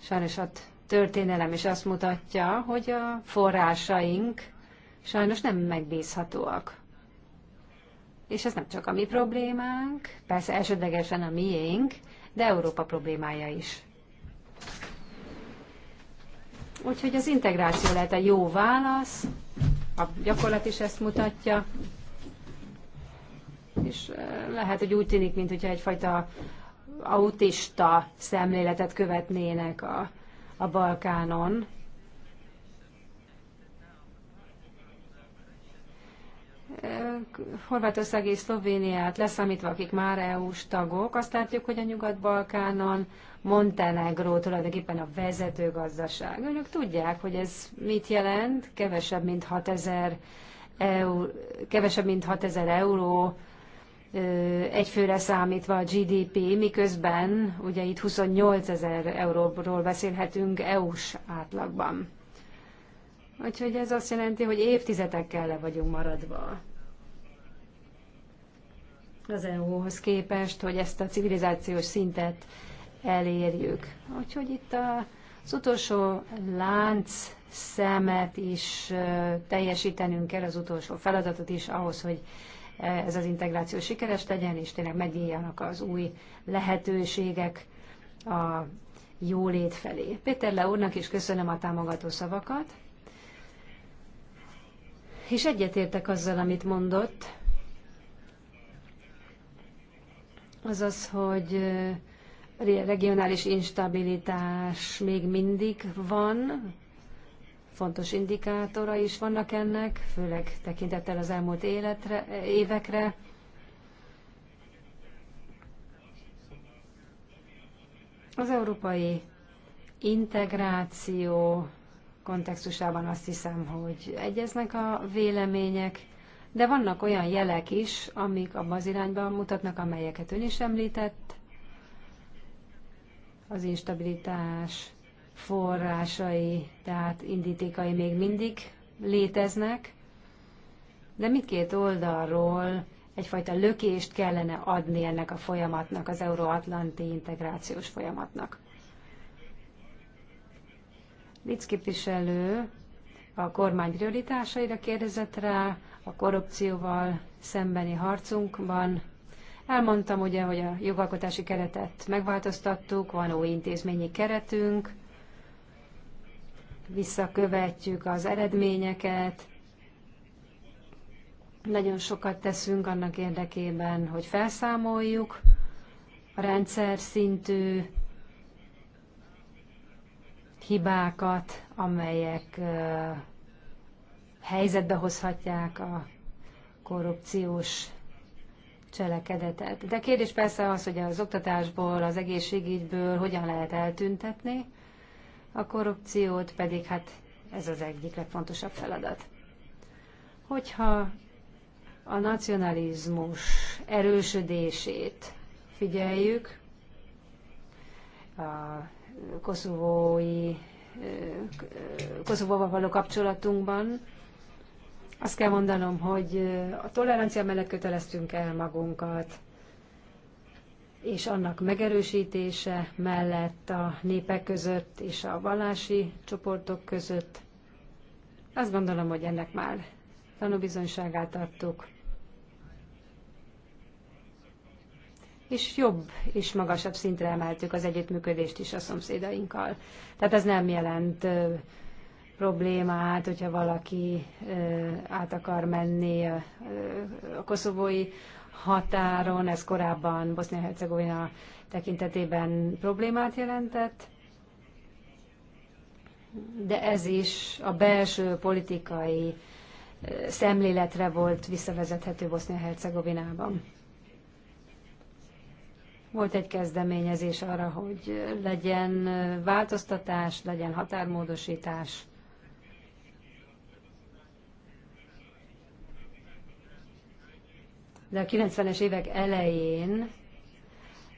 S3: sajnos a történelem is azt mutatja, hogy a forrásaink sajnos nem megbízhatóak. És ez nem csak a mi problémánk, persze elsődlegesen a miénk, de Európa problémája is. Úgyhogy az integráció lehet a jó válasz, a gyakorlat is ezt mutatja, és lehet, hogy úgy tűnik, mint hogyha egyfajta autista szemléletet követnének a, a Balkánon. Horvátország és Szlovéniát leszámítva, akik már EU-s tagok, azt látjuk, hogy a Nyugat-Balkánon Montenegró tulajdonképpen a vezető gazdaság. Önök tudják, hogy ez mit jelent, kevesebb, mint 6000 euró, kevesebb, mint 6000 euró egyfőre számítva a GDP, miközben ugye itt 28 ezer euróról beszélhetünk EU-s átlagban. Úgyhogy ez azt jelenti, hogy évtizedekkel le vagyunk maradva az EU-hoz képest, hogy ezt a civilizációs szintet elérjük. Úgyhogy itt a, az utolsó lánc szemet is teljesítenünk kell, az utolsó feladatot is ahhoz, hogy ez az integráció sikeres legyen, és tényleg megnyíljanak az új lehetőségek a jólét felé. Péter Leónak úrnak is köszönöm a támogató szavakat, és egyetértek azzal, amit mondott, azaz, hogy regionális instabilitás még mindig van, fontos indikátora is vannak ennek, főleg tekintettel az elmúlt életre, évekre. Az európai integráció kontextusában azt hiszem, hogy egyeznek a vélemények, de vannak olyan jelek is, amik abban az irányban mutatnak, amelyeket ön is említett, az instabilitás forrásai, tehát indítékai még mindig léteznek, de mindkét oldalról egyfajta lökést kellene adni ennek a folyamatnak, az euróatlanti integrációs folyamatnak. Litz képviselő a kormány prioritásaira kérdezett rá, a korrupcióval szembeni harcunkban Elmondtam ugye, hogy a jogalkotási keretet megváltoztattuk, van új intézményi keretünk, visszakövetjük az eredményeket, nagyon sokat teszünk annak érdekében, hogy felszámoljuk a rendszer szintű hibákat, amelyek helyzetbe hozhatják a korrupciós cselekedetet. De kérdés persze az, hogy az oktatásból, az egészségügyből hogyan lehet eltüntetni a korrupciót, pedig hát ez az egyik legfontosabb feladat. Hogyha a nacionalizmus erősödését figyeljük, a koszovói Koszovóval való kapcsolatunkban, azt kell mondanom, hogy a tolerancia mellett köteleztünk el magunkat, és annak megerősítése mellett a népek között és a vallási csoportok között. Azt gondolom, hogy ennek már tanúbizonyságát adtuk. és jobb és magasabb szintre emeltük az együttműködést is a szomszédainkkal. Tehát ez nem jelent problémát, hogyha valaki át akar menni a koszovói határon, ez korábban Bosznia-Hercegovina tekintetében problémát jelentett, de ez is a belső politikai szemléletre volt visszavezethető Bosznia-Hercegovinában. Volt egy kezdeményezés arra, hogy legyen változtatás, legyen határmódosítás, de a 90-es évek elején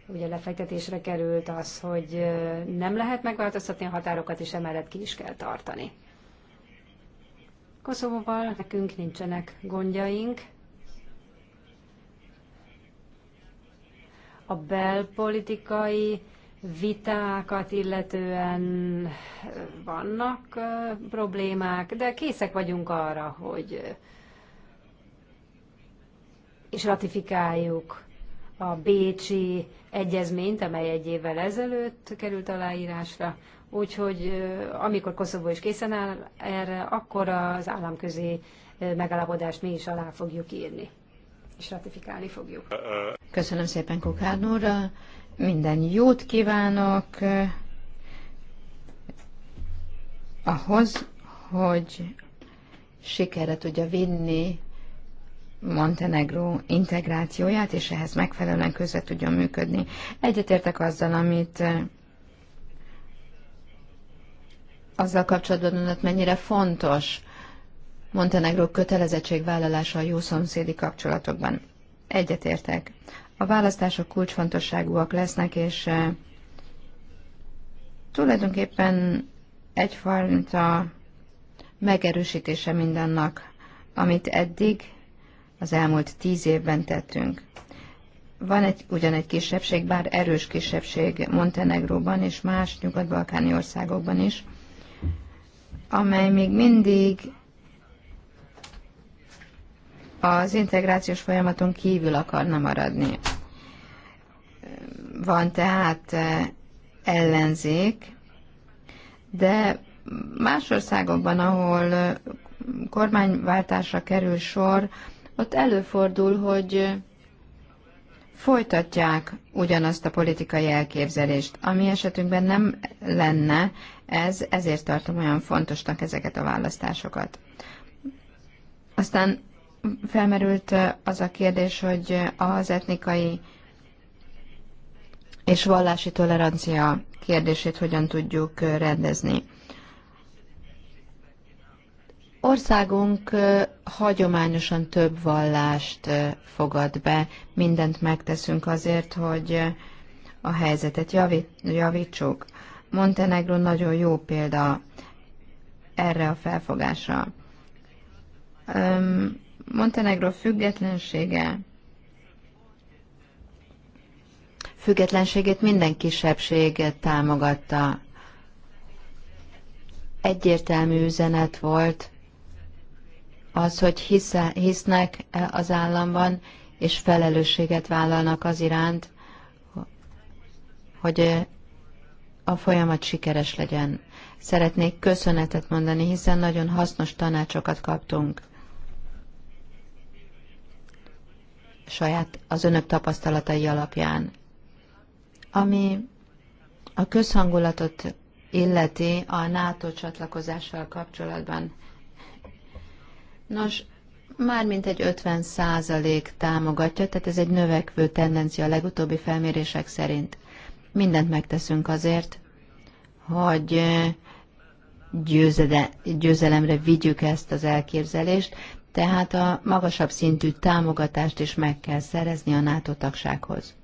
S3: ugye lefektetésre került az, hogy nem lehet megváltoztatni a határokat, és emellett ki is kell tartani. Koszovóval nekünk nincsenek gondjaink. A belpolitikai vitákat illetően vannak problémák, de készek vagyunk arra, hogy és ratifikáljuk a Bécsi egyezményt, amely egy évvel ezelőtt került aláírásra. Úgyhogy amikor Koszovó is készen áll erre, akkor az államközi megállapodást mi is alá fogjuk írni, és ratifikálni fogjuk.
S1: Köszönöm szépen kukádnóra. minden jót kívánok ahhoz, hogy sikerre tudja vinni Montenegró integrációját, és ehhez megfelelően közre tudjon működni. Egyetértek azzal, amit azzal kapcsolatban mondott, mennyire fontos Montenegró kötelezettségvállalása a jó szomszédi kapcsolatokban. Egyetértek. A választások kulcsfontosságúak lesznek, és tulajdonképpen egyfajta megerősítése mindennak, amit eddig az elmúlt tíz évben tettünk. Van egy, ugyan egy kisebbség, bár erős kisebbség Montenegróban és más nyugat-balkáni országokban is, amely még mindig az integrációs folyamaton kívül akarna maradni. Van tehát eh, ellenzék, de más országokban, ahol eh, kormányváltásra kerül sor, ott előfordul, hogy folytatják ugyanazt a politikai elképzelést. A mi esetünkben nem lenne ez, ezért tartom olyan fontosnak ezeket a választásokat. Aztán felmerült az a kérdés, hogy az etnikai és vallási tolerancia kérdését hogyan tudjuk rendezni. Országunk hagyományosan több vallást fogad be, mindent megteszünk azért, hogy a helyzetet javítsuk. Montenegro nagyon jó példa erre a felfogásra. Montenegro függetlensége függetlenségét minden kisebbség támogatta. Egyértelmű üzenet volt az, hogy hisze, hisznek e az államban, és felelősséget vállalnak az iránt, hogy a folyamat sikeres legyen. Szeretnék köszönetet mondani, hiszen nagyon hasznos tanácsokat kaptunk. saját az önök tapasztalatai alapján. Ami a közhangulatot illeti a NATO csatlakozással kapcsolatban, Nos, már mint egy 50 százalék támogatja, tehát ez egy növekvő tendencia a legutóbbi felmérések szerint. Mindent megteszünk azért, hogy győzede, győzelemre vigyük ezt az elképzelést, tehát a magasabb szintű támogatást is meg kell szerezni a NATO tagsághoz.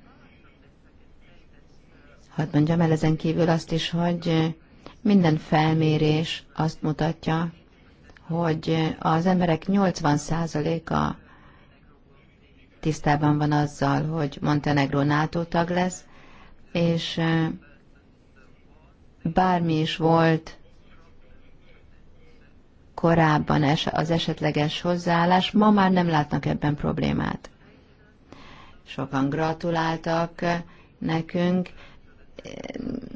S1: Hadd mondjam el ezen kívül azt is, hogy minden felmérés azt mutatja, hogy az emberek 80%-a tisztában van azzal, hogy Montenegro NATO tag lesz, és bármi is volt korábban az esetleges hozzáállás, ma már nem látnak ebben problémát. Sokan gratuláltak nekünk.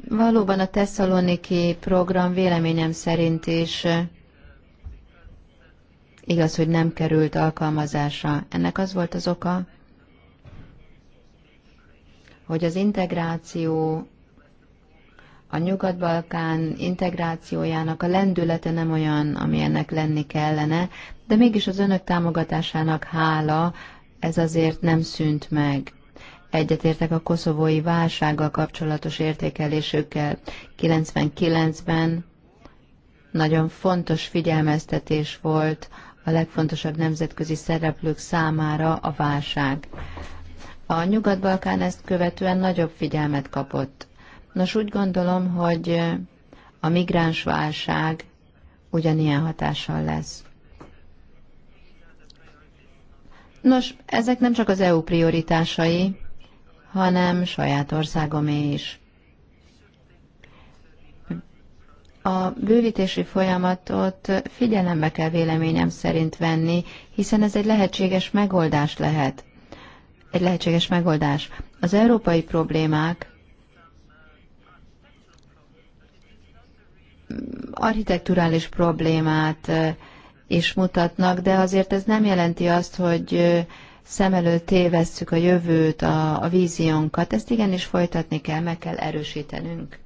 S1: Valóban a Tesszaloniki program véleményem szerint is Igaz, hogy nem került alkalmazásra. Ennek az volt az oka, hogy az integráció, a Nyugat-Balkán integrációjának a lendülete nem olyan, ami ennek lenni kellene, de mégis az önök támogatásának hála ez azért nem szűnt meg. Egyetértek a koszovói válsággal kapcsolatos értékelésükkel. 99-ben nagyon fontos figyelmeztetés volt a legfontosabb nemzetközi szereplők számára a válság. A Nyugat-Balkán ezt követően nagyobb figyelmet kapott. Nos, úgy gondolom, hogy a migráns válság ugyanilyen hatással lesz. Nos, ezek nem csak az EU prioritásai, hanem saját országomé is. a bővítési folyamatot figyelembe kell véleményem szerint venni, hiszen ez egy lehetséges megoldás lehet. Egy lehetséges megoldás. Az európai problémák architekturális problémát is mutatnak, de azért ez nem jelenti azt, hogy szem előtt tévesszük a jövőt, a, a víziónkat. Ezt igenis folytatni kell, meg kell erősítenünk.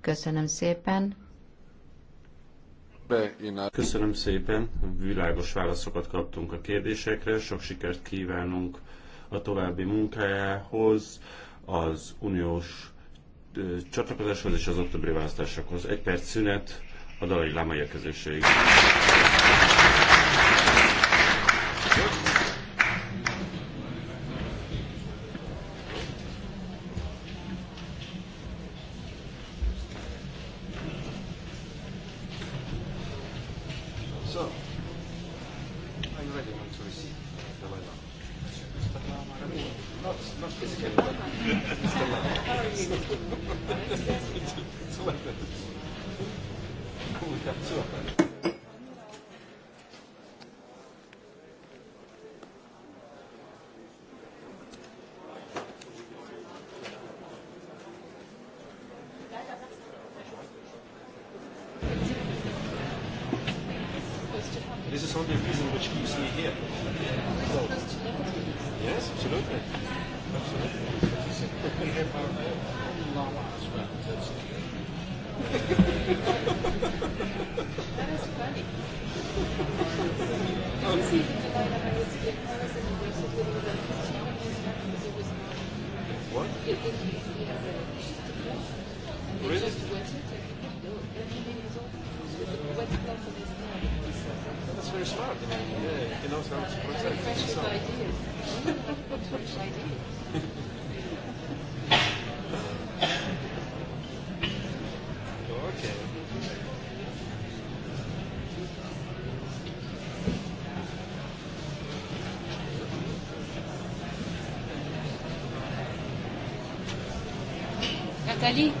S1: Köszönöm szépen.
S3: Köszönöm
S4: szépen, világos válaszokat kaptunk a kérdésekre, sok sikert kívánunk a további munkájához, az uniós csatlakozáshoz és az októberi választásokhoz. Egy perc szünet a Dalai Lama érkezéséig.
S2: This is on
S3: Kelly.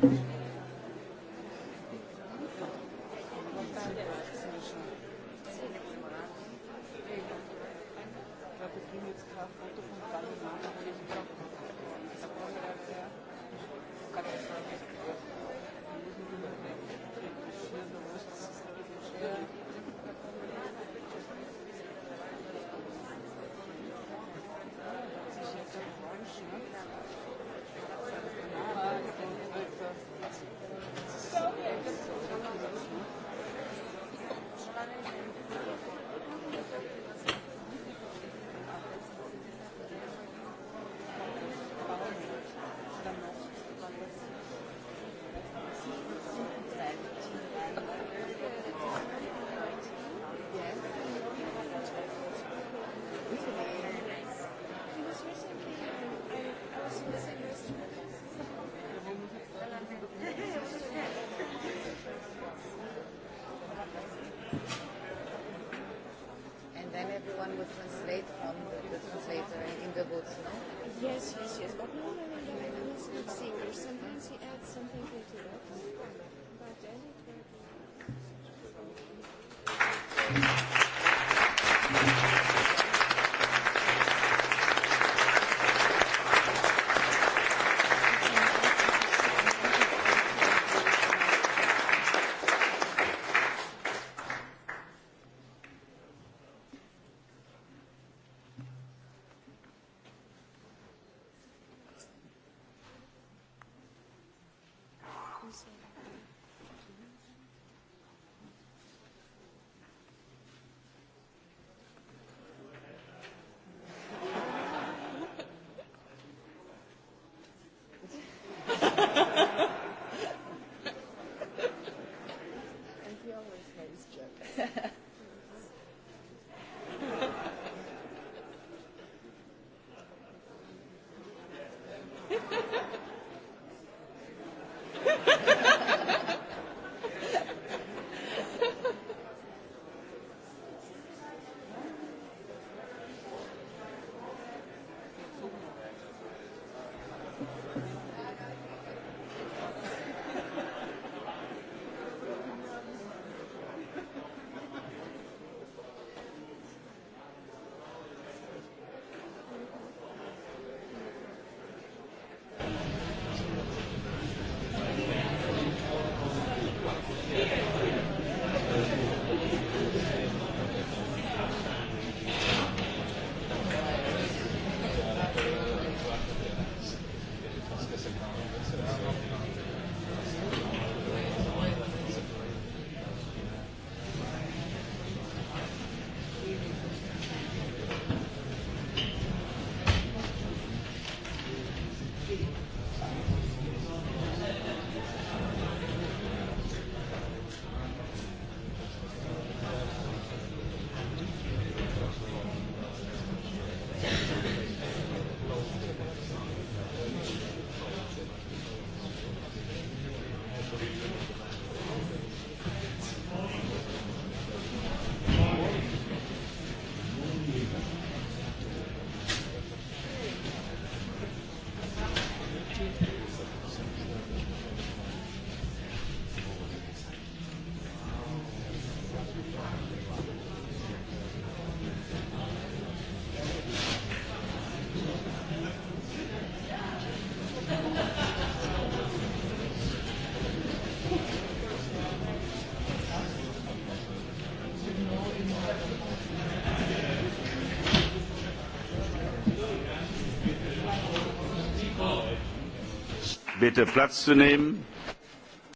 S3: Köszönöm.
S1: si, si,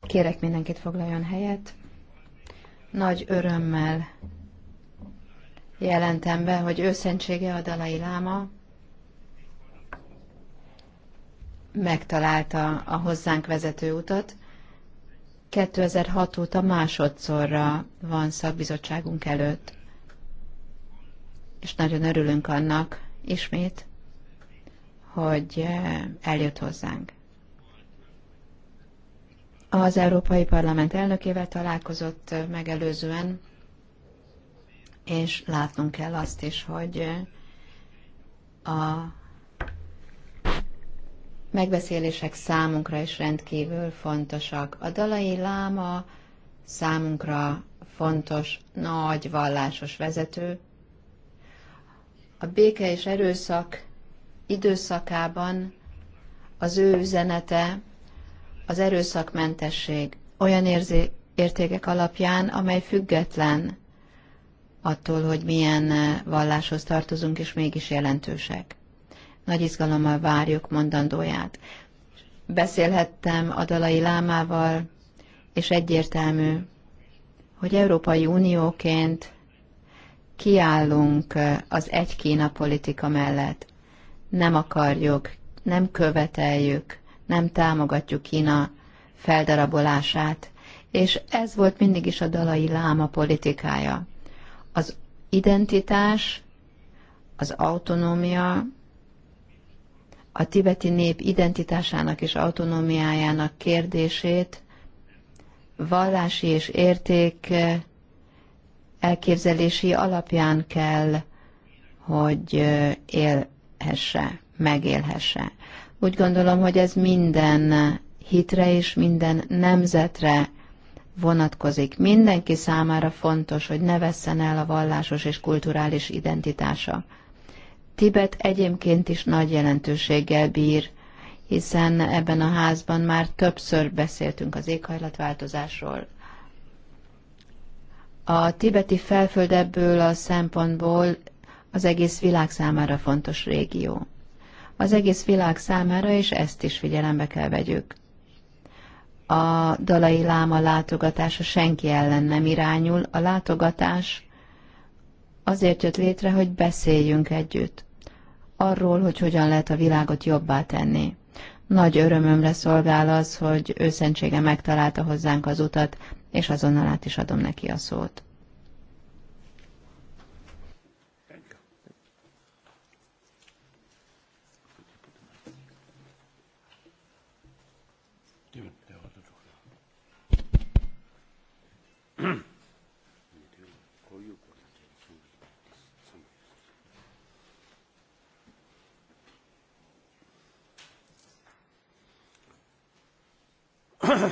S1: Kérek mindenkit foglaljon helyet. Nagy örömmel jelentem be, hogy őszentsége a Dalai Láma megtalálta a hozzánk vezető utat. 2006 óta másodszorra van szakbizottságunk előtt, és nagyon örülünk annak ismét, hogy eljött hozzánk az Európai Parlament elnökével találkozott megelőzően, és látnunk kell azt is, hogy a megbeszélések számunkra is rendkívül fontosak. A dalai láma számunkra fontos, nagy vallásos vezető. A béke és erőszak időszakában az ő üzenete az erőszakmentesség olyan érzé- értékek alapján, amely független attól, hogy milyen eh, valláshoz tartozunk, és mégis jelentősek. Nagy izgalommal várjuk mondandóját. Beszélhettem a dalai lámával, és egyértelmű, hogy Európai Unióként kiállunk eh, az egy Kína politika mellett. Nem akarjuk, nem követeljük nem támogatjuk Kína feldarabolását, és ez volt mindig is a dalai láma politikája. Az identitás, az autonómia, a tibeti nép identitásának és autonómiájának kérdését vallási és érték eh, elképzelési alapján kell, hogy eh, élhesse, megélhesse. Úgy gondolom, hogy ez minden hitre és minden nemzetre vonatkozik. Mindenki számára fontos, hogy ne vesszen el a vallásos és kulturális identitása. Tibet egyébként is nagy jelentőséggel bír, hiszen ebben a házban már többször beszéltünk az éghajlatváltozásról. A tibeti felföld ebből a szempontból az egész világ számára fontos régió az egész világ számára, és ezt is figyelembe kell vegyük. A dalai láma látogatása senki ellen nem irányul, a látogatás azért jött létre, hogy beszéljünk együtt. Arról, hogy hogyan lehet a világot jobbá tenni. Nagy örömömre szolgál az, hogy őszentsége megtalálta hozzánk az utat, és azonnal át is adom neki a szót.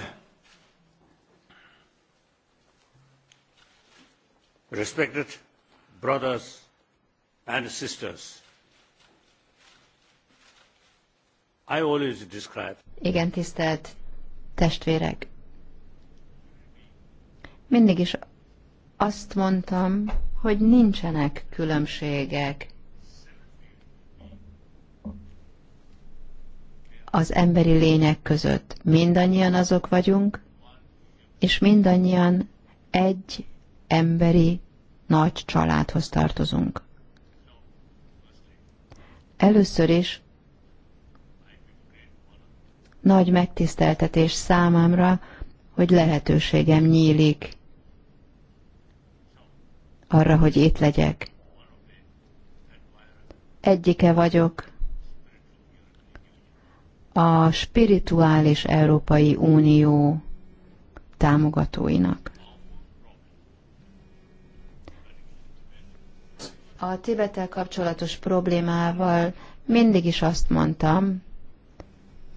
S2: respected brothers and sisters i always describe
S1: igen tisztelt testvérek mindig is azt mondtam hogy nincsenek különbségek az emberi lények között. Mindannyian azok vagyunk, és mindannyian egy emberi nagy családhoz tartozunk. Először is nagy megtiszteltetés számomra, hogy lehetőségem nyílik arra, hogy itt legyek. Egyike vagyok a spirituális Európai Unió támogatóinak. A Tibettel kapcsolatos problémával mindig is azt mondtam,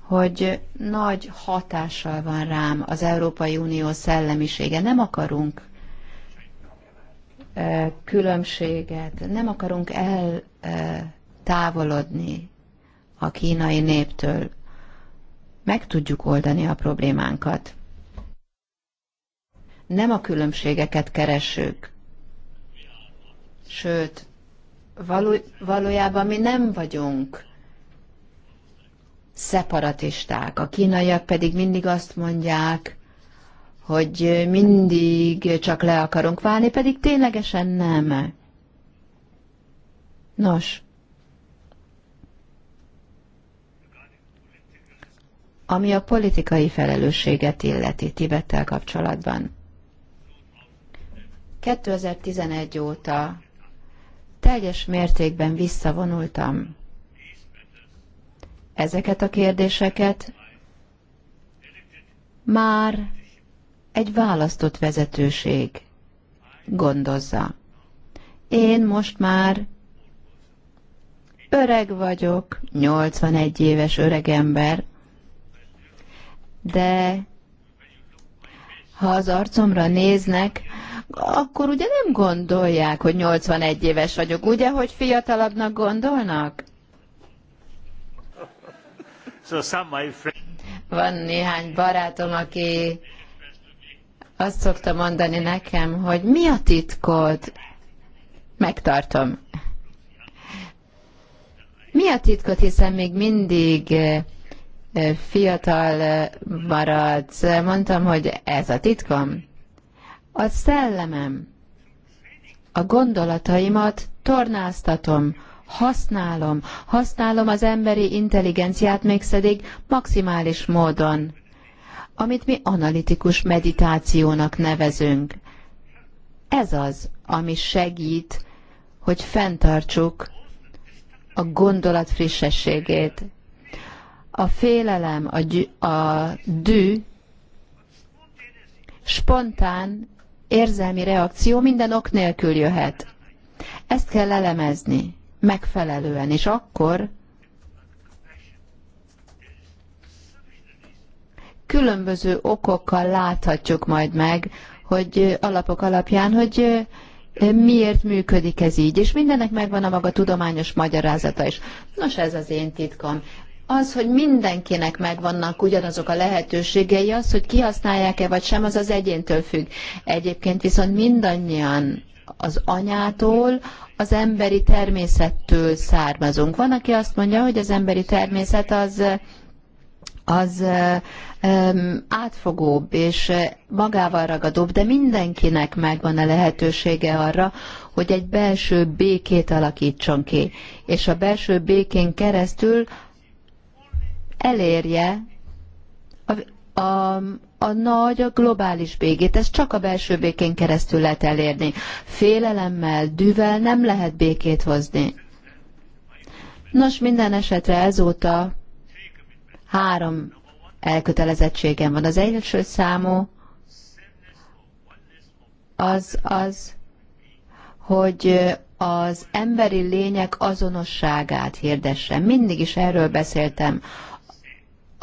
S1: hogy nagy hatással van rám az Európai Unió szellemisége. Nem akarunk különbséget, nem akarunk eltávolodni a kínai néptől meg tudjuk oldani a problémánkat. Nem a különbségeket keresünk. sőt, való, valójában mi nem vagyunk szeparatisták. A kínaiak pedig mindig azt mondják, hogy mindig csak le akarunk válni, pedig ténylegesen nem. Nos, ami a politikai felelősséget illeti Tibettel kapcsolatban. 2011 óta teljes mértékben visszavonultam. Ezeket a kérdéseket már egy választott vezetőség gondozza. Én most már öreg vagyok, 81 éves öreg ember, de ha az arcomra néznek, akkor ugye nem gondolják, hogy 81 éves vagyok, ugye, hogy fiatalabbnak gondolnak? Van néhány barátom, aki azt szokta mondani nekem, hogy mi a titkod? Megtartom. Mi a titkot, hiszen még mindig eh, fiatal eh, barát, eh, Mondtam, hogy ez a titkom. A szellemem, a gondolataimat tornáztatom, használom, használom az emberi intelligenciát még pedig maximális módon, amit mi analitikus meditációnak nevezünk. Ez az, ami segít, hogy fenntartsuk a gondolat frissességét. A félelem, a, gy, a dű, spontán érzelmi reakció minden ok nélkül jöhet. Ezt kell elemezni megfelelően, és akkor különböző okokkal láthatjuk majd meg, hogy alapok alapján, hogy eh, miért működik ez így, és mindennek megvan a maga tudományos magyarázata is. Nos, ez az én titkom az, hogy mindenkinek megvannak ugyanazok a lehetőségei, az, hogy kihasználják-e vagy sem, az az egyéntől függ. Egyébként viszont mindannyian az anyától, az emberi természettől származunk. Van, aki azt mondja, hogy az emberi természet az az um, átfogóbb és magával ragadóbb, de mindenkinek megvan a lehetősége arra, hogy egy belső békét alakítson ki. És a belső békén keresztül elérje a, a, a nagy, a globális békét. Ezt csak a belső békén keresztül lehet elérni. Félelemmel, düvel nem lehet békét hozni. Nos, minden esetre ezóta három elkötelezettségem van. Az első számú az az, hogy az emberi lények azonosságát hirdesse. Mindig is erről beszéltem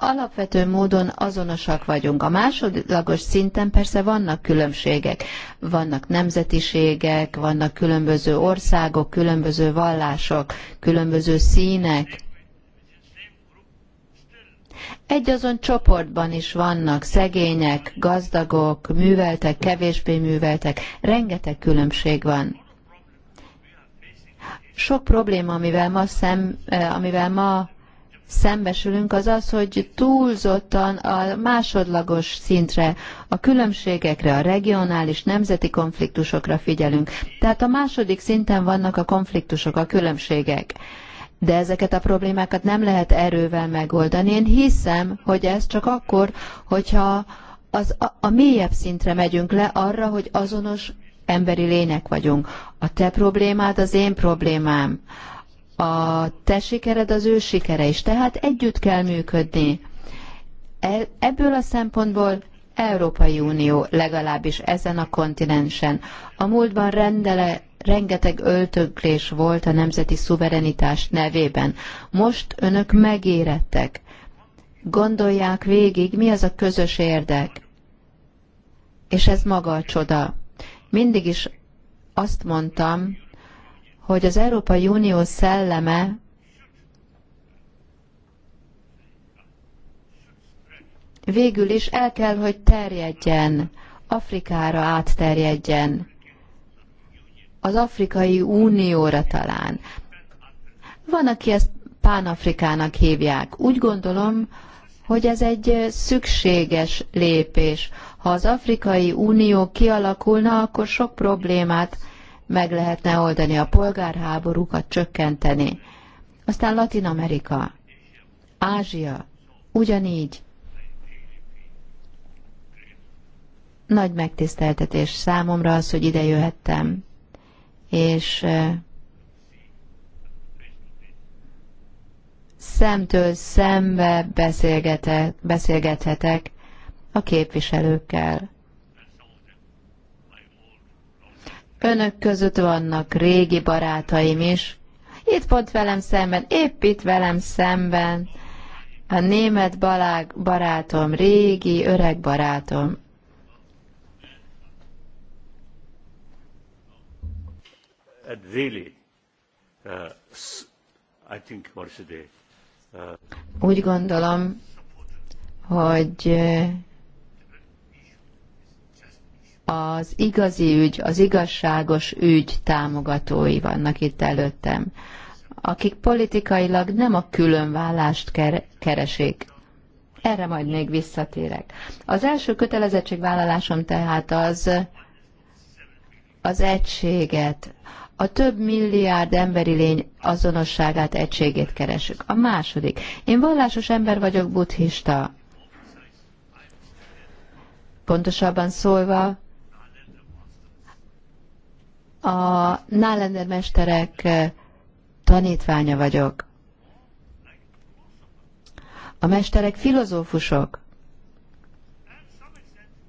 S1: alapvető módon azonosak vagyunk. A másodlagos szinten persze vannak különbségek, vannak nemzetiségek, vannak különböző országok, különböző vallások, különböző színek. Egy azon csoportban is vannak szegények, gazdagok, műveltek, kevésbé műveltek, rengeteg különbség van. Sok probléma, amivel ma, szem, eh, amivel ma szembesülünk, az az, hogy túlzottan a másodlagos szintre, a különbségekre, a regionális, nemzeti konfliktusokra figyelünk. Tehát a második szinten vannak a konfliktusok, a különbségek. De ezeket a problémákat nem lehet erővel megoldani. Én hiszem, hogy ez csak akkor, hogyha az, a, a mélyebb szintre megyünk le arra, hogy azonos emberi lények vagyunk. A te problémád az én problémám a te sikered az ő sikere is, tehát együtt kell működni. E, ebből a szempontból Európai Unió legalábbis ezen a kontinensen. A múltban rendele, rengeteg öltöklés volt a nemzeti szuverenitás nevében. Most önök megérettek. Gondolják végig, mi az a közös érdek. És ez maga a csoda. Mindig is azt mondtam, hogy az Európai Unió szelleme végül is el kell, hogy terjedjen, Afrikára átterjedjen, az Afrikai Unióra talán. Van, aki ezt Pánafrikának hívják. Úgy gondolom, hogy ez egy szükséges lépés. Ha az Afrikai Unió kialakulna, akkor sok problémát meg lehetne oldani, a polgárháborúkat csökkenteni. Aztán Latin Amerika, Ázsia, ugyanígy. Nagy megtiszteltetés számomra az, hogy ide jöhettem, és szemtől szembe beszélgetek, beszélgethetek a képviselőkkel. Önök között vannak régi barátaim is. Itt pont velem szemben, épp itt velem szemben. A német balág barátom, régi, öreg barátom.
S2: really, uh, I think uh,
S1: Úgy gondolom, hogy uh, az igazi ügy, az igazságos ügy támogatói vannak itt előttem, akik politikailag nem a különvállást keresik. Erre majd még visszatérek. Az első kötelezettségvállalásom tehát az az egységet, a több milliárd emberi lény azonosságát, egységét keresük. A második. Én vallásos ember vagyok, buddhista. Pontosabban szólva, a Nálender mesterek eh, tanítványa vagyok. A mesterek filozófusok.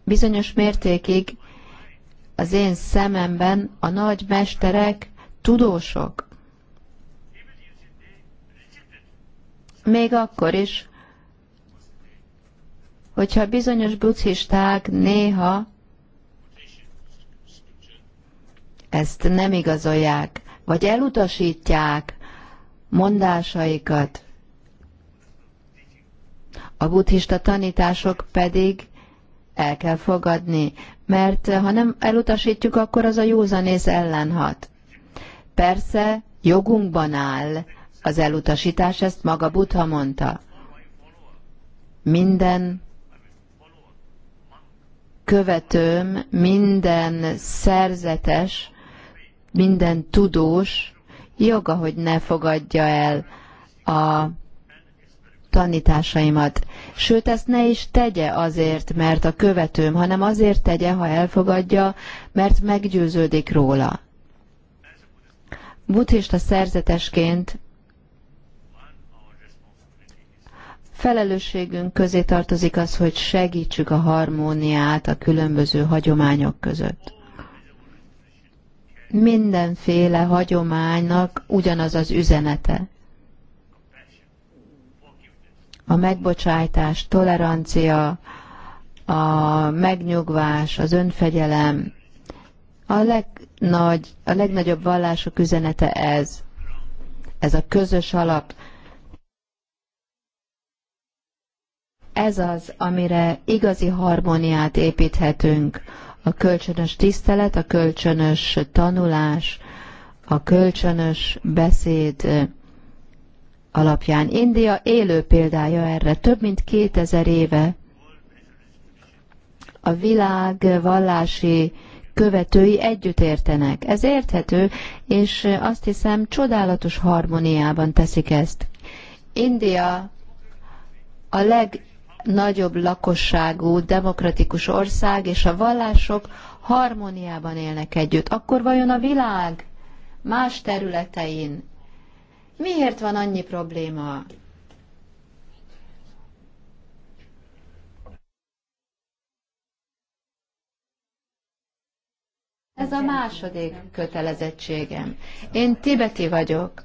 S1: Bizonyos mértékig az én szememben a nagy mesterek tudósok. Még akkor is, hogyha bizonyos buddhisták néha ezt nem igazolják, vagy elutasítják mondásaikat. A buddhista tanítások pedig el kell fogadni, mert ha nem elutasítjuk, akkor az a józanész ellen hat. Persze jogunkban áll az elutasítás, ezt maga Buddha mondta. Minden követőm, minden szerzetes minden tudós joga, hogy ne fogadja el a tanításaimat. Sőt, ezt ne is tegye azért, mert a követőm, hanem azért tegye, ha elfogadja, mert meggyőződik róla. Buddhista szerzetesként felelősségünk közé tartozik az, hogy segítsük a harmóniát a különböző hagyományok között mindenféle hagyománynak ugyanaz az üzenete. A megbocsátás, tolerancia, a megnyugvás, az önfegyelem. A, legnagy, a legnagyobb vallások üzenete ez. Ez a közös alap. Ez az, amire igazi harmóniát építhetünk a kölcsönös tisztelet, a kölcsönös tanulás, a kölcsönös beszéd alapján. India élő példája erre. Több mint 2000 éve a világ vallási követői együtt értenek. Ez érthető, és azt hiszem csodálatos harmóniában teszik ezt. India a leg nagyobb lakosságú demokratikus ország és a vallások harmóniában élnek együtt, akkor vajon a világ más területein miért van annyi probléma? Ez a második kötelezettségem. Én tibeti vagyok.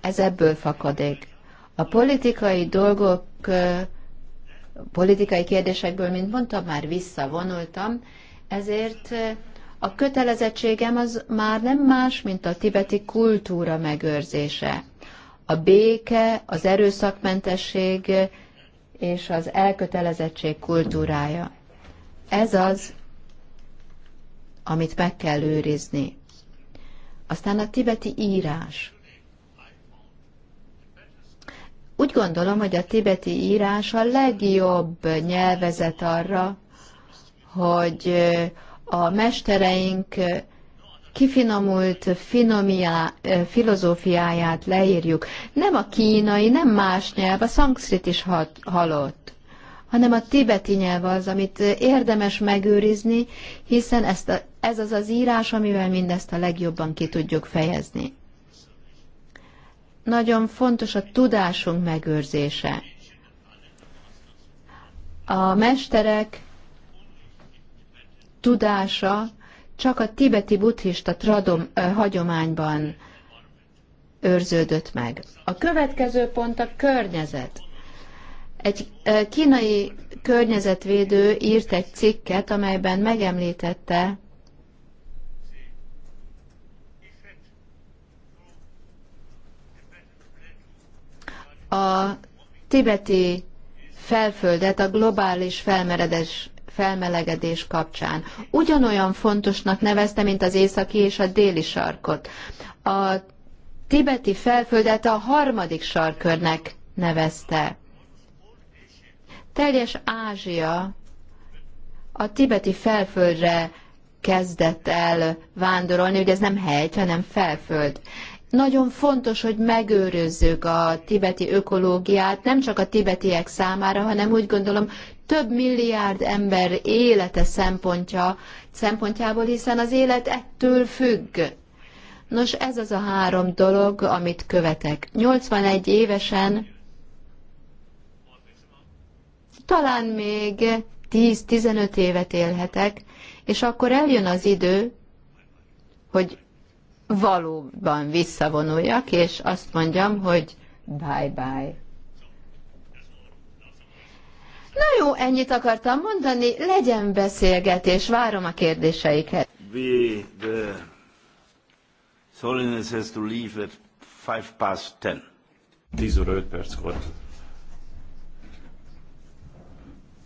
S1: Ez ebből fakadék. A politikai dolgok politikai kérdésekből, mint mondtam, már visszavonultam, ezért eh, a kötelezettségem az már nem más, mint a tibeti kultúra megőrzése. A béke, az erőszakmentesség eh, és az elkötelezettség kultúrája. Ez az, amit meg kell őrizni. Aztán a tibeti írás. Úgy gondolom, hogy a tibeti írás a legjobb nyelvezet arra, hogy a mestereink kifinomult finomia filozófiáját leírjuk. Nem a kínai, nem más nyelv, a szankszrit is hat, halott, hanem a tibeti nyelv az, amit érdemes megőrizni, hiszen ezt a, ez az az írás, amivel mindezt a legjobban ki tudjuk fejezni nagyon fontos a tudásunk megőrzése. A mesterek tudása csak a tibeti buddhista tradom, ö, hagyományban őrződött meg. A következő pont a környezet. Egy kínai környezetvédő írt egy cikket, amelyben megemlítette a tibeti felföldet a globális felmeredés, felmelegedés kapcsán. Ugyanolyan fontosnak nevezte, mint az északi és a déli sarkot. A tibeti felföldet a harmadik sarkörnek nevezte. Teljes Ázsia a tibeti felföldre kezdett el vándorolni, ugye ez nem hegy, hanem felföld. Nagyon fontos, hogy megőrözzük a tibeti ökológiát, nem csak a tibetiek számára, hanem úgy gondolom több milliárd ember élete szempontja, szempontjából, hiszen az élet ettől függ. Nos, ez az a három dolog, amit követek. 81 évesen talán még 10-15 évet élhetek, és akkor eljön az idő, hogy valóban visszavonuljak, és azt mondjam, hogy bye-bye. Na jó, ennyit akartam mondani, legyen beszélgetés, várom a kérdéseiket.
S2: We, the Solinus has to leave at five past ten. Tíz óra perc volt.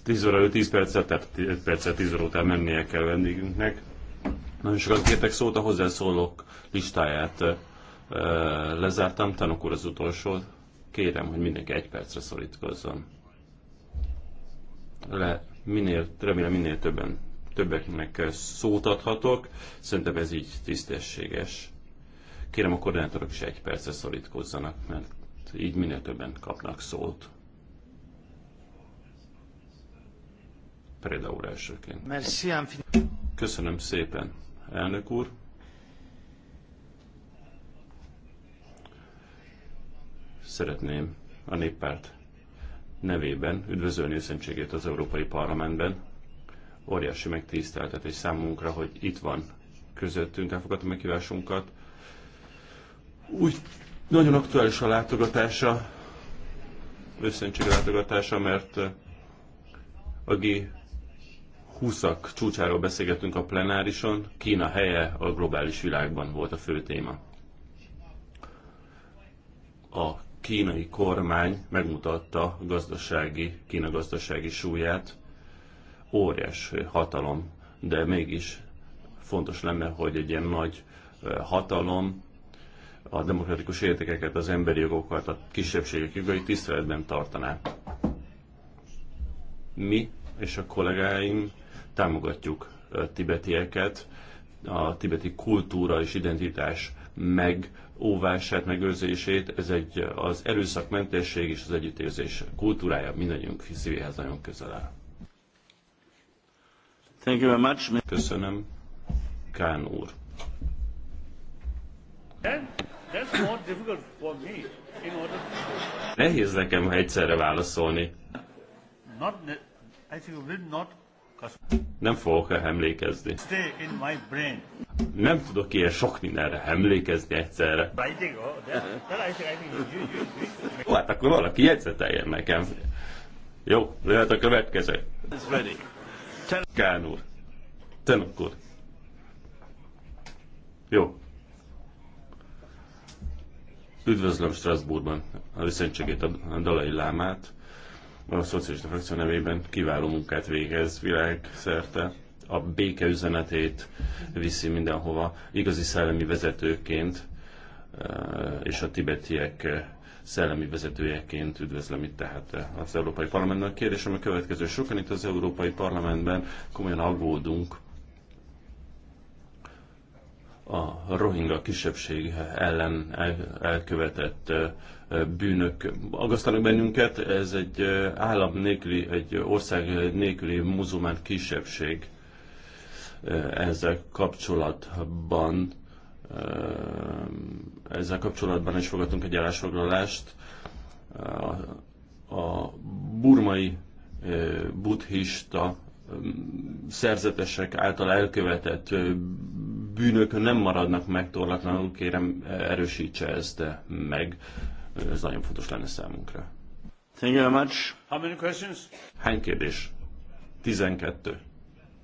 S2: tíz óra öt,
S4: tíz percet, tehát öt percet tíz óra után mennie kell vendégünknek. Nagyon sokat kértek szót a hozzászólók listáját lezártam. Tanok úr az utolsó. Kérem, hogy mindenki egy percre szorítkozzon. Le, minél, remélem minél többen, többeknek szót adhatok. Szerintem ez így tisztességes. Kérem a koordinátorok is egy percre szorítkozzanak, mert így minél többen kapnak szót. Preda úr elsőként. Köszönöm szépen, elnök úr. szeretném a néppárt nevében üdvözölni őszentségét az Európai Parlamentben. Óriási megtiszteltetés számunkra, hogy itt van közöttünk, elfogadta meghívásunkat. Úgy nagyon aktuális a látogatása, őszentség látogatása, mert uh, a g 20 csúcsáról beszélgetünk a plenárison, Kína helye a globális világban volt a fő téma. A kínai kormány megmutatta a gazdasági, Kína gazdasági súlyát, óriás hatalom, de mégis fontos lenne, hogy egy ilyen nagy hatalom a demokratikus értékeket, az emberi jogokat, a kisebbségek jogait tiszteletben tartaná. Mi és a kollégáim támogatjuk a tibetieket, a tibeti kultúra és identitás meg óvását, megőrzését, ez egy az erőszakmentesség és az együttérzés kultúrája mindannyiunk szívéhez nagyon közel áll. Thank you very much. Köszönöm, Kán úr. Nehéz nekem, egyszerre válaszolni.
S2: Not, I think will not
S4: nem fogok emlékezni. Nem tudok ilyen sok mindenre emlékezni egyszerre. Ó, hát akkor valaki jegyzeteljen nekem. Jó, lehet a következő. Kán úr. Tenok úr. Jó. Üdvözlöm Strasbourgban a viszentségét a Dalai Lámát a szocialista frakció nevében kiváló munkát végez világszerte. A béke üzenetét viszi mindenhova, igazi szellemi vezetőként eh, és a tibetiek szellemi vezetőjeként üdvözlöm itt tehát az Európai Parlamentben. A kérdésem a következő. Sokan itt az Európai Parlamentben komolyan aggódunk a rohingya kisebbség ellen elkövetett eh, bűnök agasztanak bennünket. Ez egy állam nélküli, egy ország nélküli muzulmán kisebbség ezzel kapcsolatban ezzel kapcsolatban is fogadtunk egy állásfoglalást. A burmai buddhista szerzetesek által elkövetett bűnök nem maradnak megtorlatlanul, kérem erősítse ezt meg. Ez nagyon fontos lenne számunkra. Thank
S2: you very much. How many questions?
S4: Hány kérdés? 12.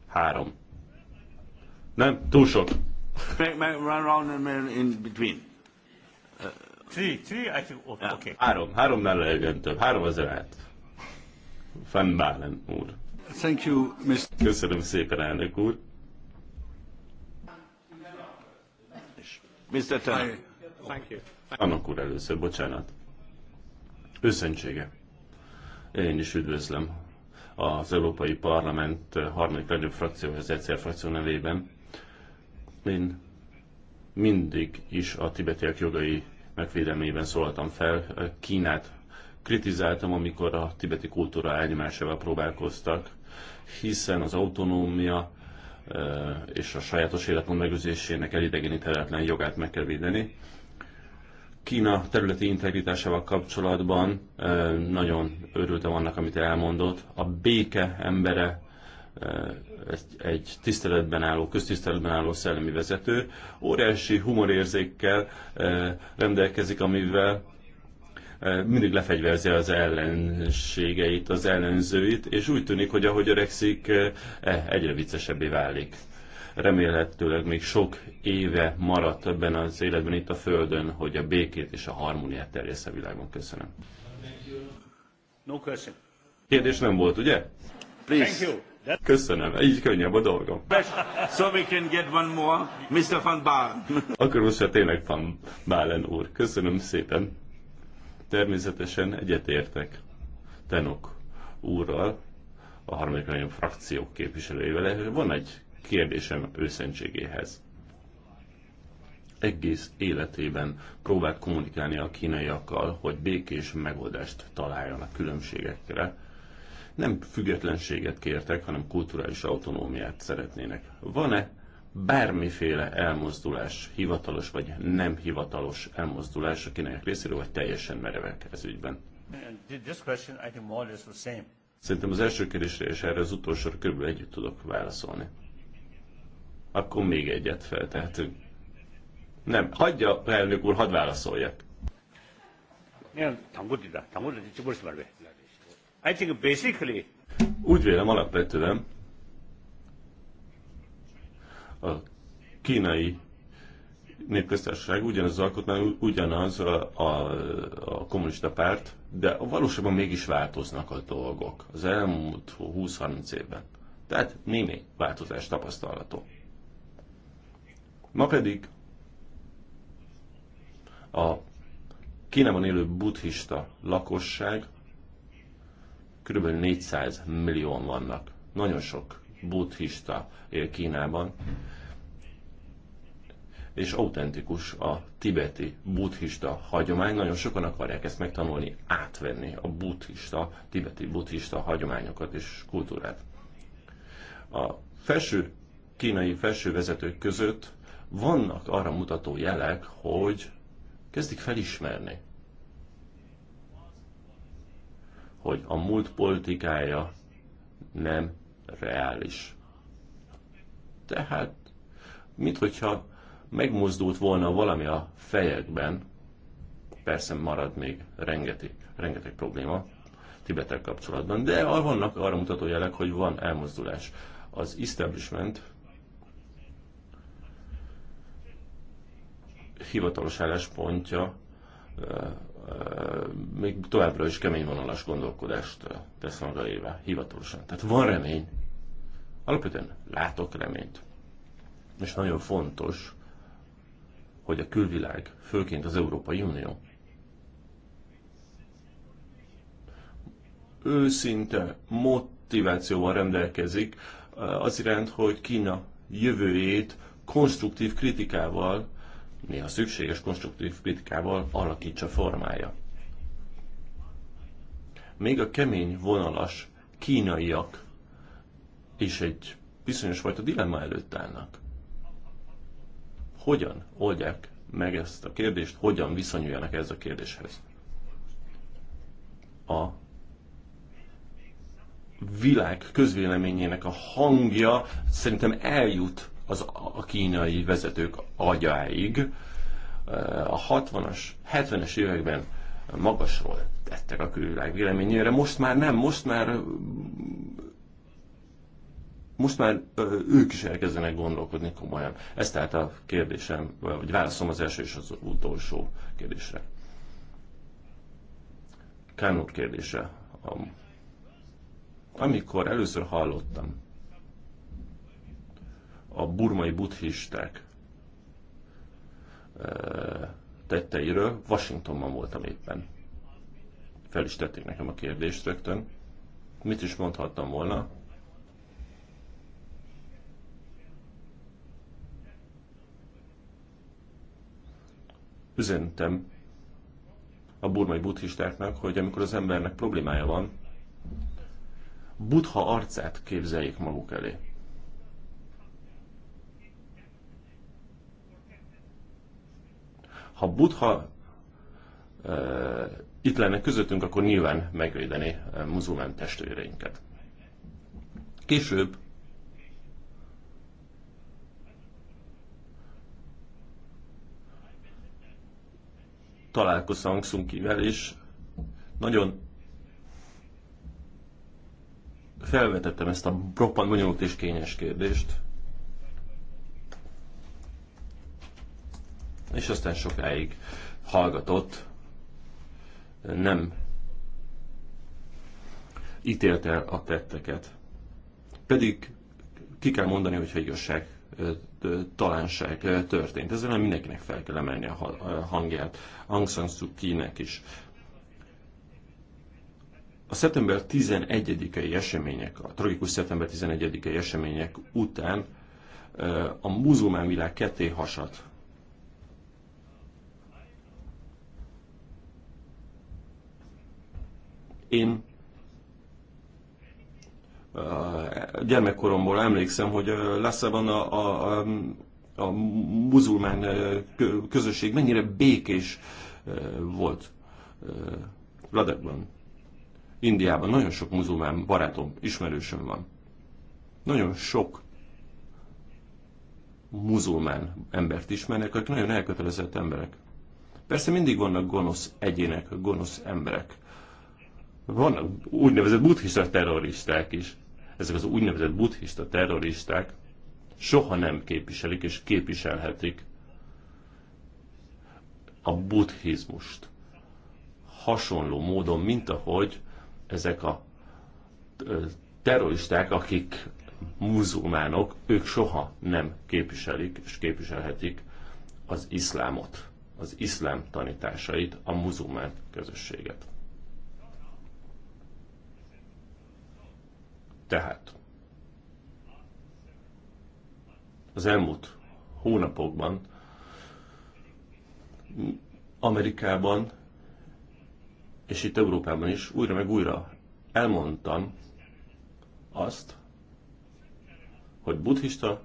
S4: 3. Nem, túl sok.
S2: Run round and in between. Uh, three, three, I think, oh, yeah. okay. Három,
S4: háromnál legyen több. Három az lehet. Van Balen úr. Thank you, Mr. Köszönöm szépen, elnök úr. Mr. Turner. Thank you. Annak úr először, bocsánat. Őszentsége. Én is üdvözlöm az Európai Parlament harmadik legjobb frakció, az egyszer frakció nevében. Én mindig is a tibetiek jogai megvédelmében szólaltam fel. Kínát kritizáltam, amikor a tibeti kultúra elnyomásával próbálkoztak, hiszen az autonómia eh, és a sajátos életmód megőrzésének elidegeníthetetlen jogát meg kell védeni. Kína területi integritásával kapcsolatban nagyon örültem annak, amit elmondott. A béke embere egy tiszteletben álló, köztiszteletben álló szellemi vezető, óriási humorérzékkel rendelkezik, amivel mindig lefegyverzi az ellenségeit, az ellenzőit, és úgy tűnik, hogy ahogy öregszik, e, egyre viccesebbé válik remélhetőleg még sok éve maradt ebben az életben itt a Földön, hogy a békét és a harmóniát terjessze világon. Köszönöm. No question. Kérdés nem volt, ugye? Please. Köszönöm, így könnyebb a dolgom.
S2: So we can get one more, Mr. Van Baalen.
S4: Akkor most se tényleg Van Baalen úr. Köszönöm szépen. Természetesen egyetértek Tenok úrral, a harmadik nagyon frakciók képviselőjével. Van egy kérdésem őszentségéhez. Egész életében próbált kommunikálni a kínaiakkal, hogy békés megoldást találjon a különbségekre. Nem függetlenséget kértek, hanem kulturális autonómiát szeretnének. Van-e bármiféle elmozdulás, hivatalos vagy nem hivatalos elmozdulás a kínaiak részéről, vagy teljesen merevek ez ügyben? Szerintem az első kérdésre és erre az utolsóra körülbelül együtt tudok válaszolni akkor még egyet feltehetünk. Nem, hagyja, elnök úr, hadd válaszoljak.
S2: I think basically...
S4: Úgy vélem alapvetően a kínai népköztársaság ugyanaz az alkotmány, ugyanaz a, a, a kommunista párt, de valóságban mégis változnak a dolgok az elmúlt 20-30 évben. Tehát némi változás tapasztalható. Ma pedig a Kínában élő buddhista lakosság kb. 400 millióan vannak. Nagyon sok buddhista él Kínában, és autentikus a tibeti buddhista hagyomány. Nagyon sokan akarják ezt megtanulni, átvenni a buddhista, tibeti buddhista hagyományokat és kultúrát. A felső kínai felső vezetők között vannak arra mutató jelek, hogy kezdik felismerni, hogy a múlt politikája nem reális. Tehát, mit hogyha megmozdult volna valami a fejekben, persze marad még rengeteg, rengeteg probléma Tibetek kapcsolatban, de vannak arra mutató jelek, hogy van elmozdulás. Az establishment hivatalos álláspontja még továbbra is kemény vonalas gondolkodást tesz éve, hivatalosan. Tehát van remény. Alapvetően látok reményt. És nagyon fontos, hogy a külvilág, főként az Európai Unió, őszinte motivációval rendelkezik az iránt, hogy Kína jövőjét konstruktív kritikával néha szükséges konstruktív kritikával alakítsa formája. Még a kemény vonalas kínaiak is egy bizonyos fajta dilemma előtt állnak. Hogyan oldják meg ezt a kérdést, hogyan viszonyuljanak ez a kérdéshez? A világ közvéleményének a hangja szerintem eljut az a kínai vezetők agyáig. Eh, a 60-as, 70-es években magasról tettek a külvilág véleményére, most már nem, most már most már eh, ők is elkezdenek gondolkodni komolyan. Ez tehát a kérdésem, vagy válaszom az első és az utolsó kérdésre. Kán kérdése. Amikor először hallottam a burmai buddhisták eh, tetteiről. Washingtonban voltam éppen. Fel is tették nekem a kérdést rögtön. Mit is mondhattam volna? Üzentem a burmai buddhistáknak, hogy amikor az embernek problémája van, Buddha arcát képzeljék maguk elé. Ha Buddha e, itt lenne közöttünk, akkor nyilván megvédeni muzulmán testvéreinket. Később találkoztam Szunkivel, és nagyon felvetettem ezt a roppant bonyolult és kényes kérdést. és aztán sokáig hallgatott, nem ítélte el a tetteket. Pedig ki kell mondani, hogyha igazság talánság történt. Ezzel nem mindenkinek fel kell emelni a hangját, Aung San Suu Kyi-nek is. A szeptember 11-i események, a tragikus szeptember 11-i események után a muzulmán világ ketté hasadt. Én gyermekkoromból emlékszem, hogy Lasszában a, a, a, a muzulmán közösség mennyire békés volt Ladakban, Indiában. Nagyon sok muzulmán barátom, ismerősöm van. Nagyon sok muzulmán embert ismernek, akik nagyon elkötelezett emberek. Persze mindig vannak gonosz egyének, gonosz emberek, vannak úgynevezett buddhista terroristák is. Ezek az úgynevezett buddhista terroristák soha nem képviselik és képviselhetik a buddhizmust. Hasonló módon, mint ahogy ezek a terroristák, akik muzulmánok, ők soha nem képviselik és képviselhetik az iszlámot, az iszlám tanításait, a muzulmán közösséget. Tehát az elmúlt hónapokban Amerikában és itt Európában is újra meg újra elmondtam azt, hogy buddhista,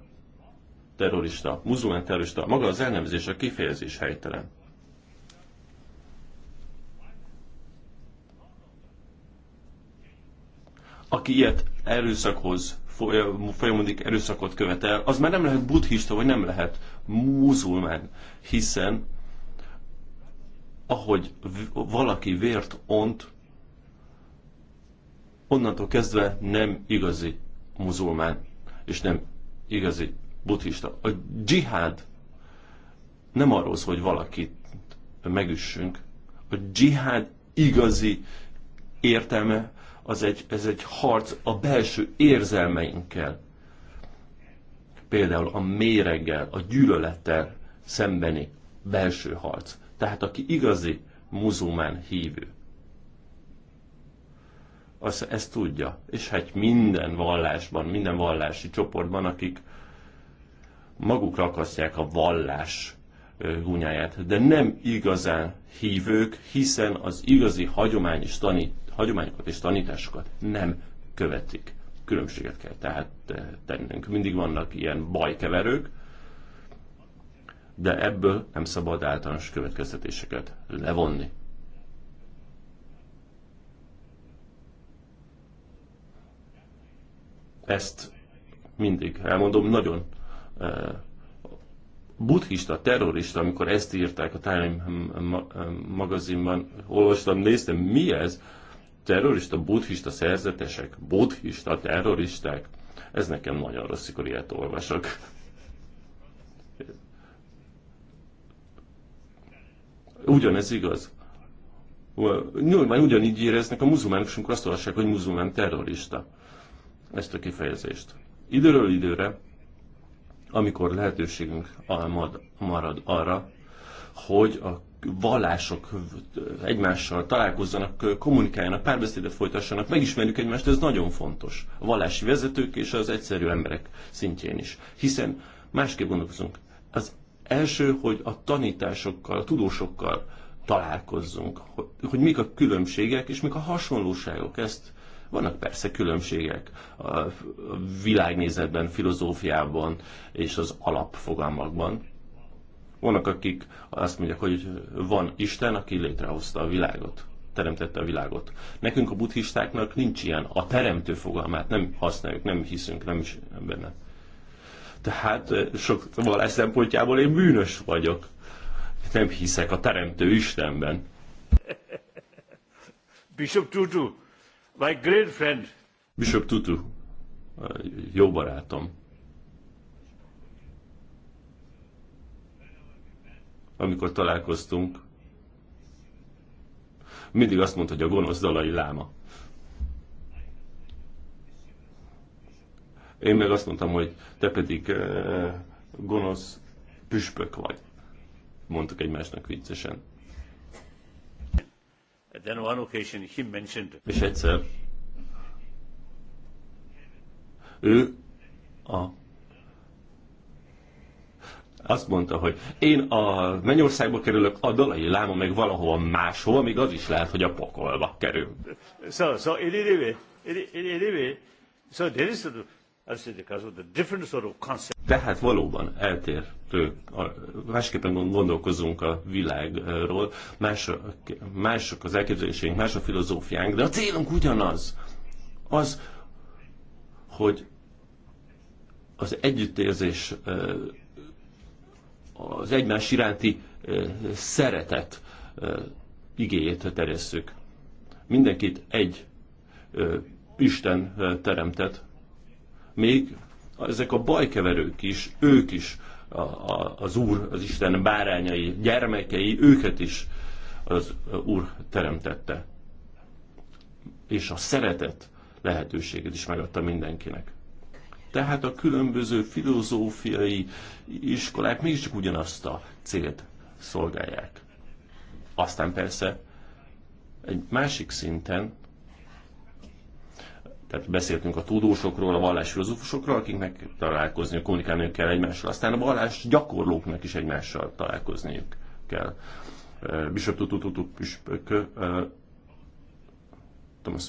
S4: terrorista, muzulmán terrorista, maga az elnevezés, a kifejezés helytelen. aki ilyet erőszakhoz folyamodik erőszakot követel, az már nem lehet buddhista, vagy nem lehet muzulmán, hiszen ahogy valaki vért ont, onnantól kezdve nem igazi muzulmán, és nem igazi buddhista. A dzsihád nem arról szól, hogy valakit megüssünk. A dzsihád igazi értelme az egy, ez egy harc a belső érzelmeinkkel. Például a méreggel, a gyűlölettel szembeni belső harc. Tehát aki igazi muzumán hívő, az ezt tudja. És hát minden vallásban, minden vallási csoportban, akik magukra akasztják a vallás gúnyáját, de nem igazán hívők, hiszen az igazi hagyományos tanít hagyományokat és tanításokat nem követik. Különbséget kell tehát eh, tennünk. Mindig vannak ilyen bajkeverők, de ebből nem szabad általános következtetéseket levonni. Ezt mindig elmondom, nagyon eh, buddhista, terrorista, amikor ezt írták a Time magazinban, olvastam, néztem, mi ez, terrorista, buddhista szerzetesek, buddhista terroristák, ez nekem nagyon rossz, amikor ilyet olvasok. Ugyanez igaz. Nyilván ugyanígy éreznek a muzulmánok, és azt olvassák, hogy muzulmán terrorista. Ezt a kifejezést. Időről időre, amikor lehetőségünk marad arra, hogy a vallások egymással találkozzanak, kommunikáljanak, párbeszédet folytassanak, megismerjük egymást, ez nagyon fontos. A vallási vezetők és az egyszerű emberek szintjén is. Hiszen másképp gondolkozunk. Az első, hogy a tanításokkal, a tudósokkal találkozzunk, hogy, hogy mik a különbségek és mik a hasonlóságok. Ezt vannak persze különbségek a világnézetben, filozófiában és az alapfogalmakban, vannak, akik azt mondják, hogy van Isten, aki létrehozta a világot, teremtette a világot. Nekünk a buddhistáknak nincs ilyen, a teremtő fogalmát nem használjuk, nem hiszünk, nem is benne. Tehát eh, sok vallás szempontjából én bűnös vagyok. Nem hiszek a teremtő Istenben.
S2: Bishop Tutu, my great friend.
S4: Bishop Tutu, jó barátom. amikor találkoztunk, mindig azt mondta, hogy a gonosz dalai láma. Én meg azt mondtam, hogy te pedig uh, gonosz püspök vagy. Mondtuk egymásnak viccesen.
S2: Then one occasion he mentioned...
S4: És egyszer ő a azt mondta, hogy én a Mennyországba kerülök, a dalai láma meg valahol máshol, még az is lehet, hogy a pokolba kerül.
S2: So, so, in anyway, in so there is
S4: tehát valóban eltérő, másképpen gondolkozunk a világról, mások, mások az elképzeléseink, más a filozófiánk, de a célunk ugyanaz. Az, hogy az együttérzés az egymás iránti szeretet igéjét terjesszük. Mindenkit egy Isten teremtett. Még ezek a bajkeverők is, ők is az Úr, az Isten bárányai, gyermekei, őket is az Úr teremtette. És a szeretet lehetőséget is megadta mindenkinek. Tehát a különböző filozófiai iskolák mégiscsak ugyanazt a célt szolgálják. Aztán persze egy másik szinten, tehát beszéltünk a tudósokról, a vallásfilozófusokról, akiknek találkozniuk, kommunikálniuk kell egymással, aztán a vallás gyakorlóknak is egymással találkozniuk kell. Bishop Tutututu püspök, Thomas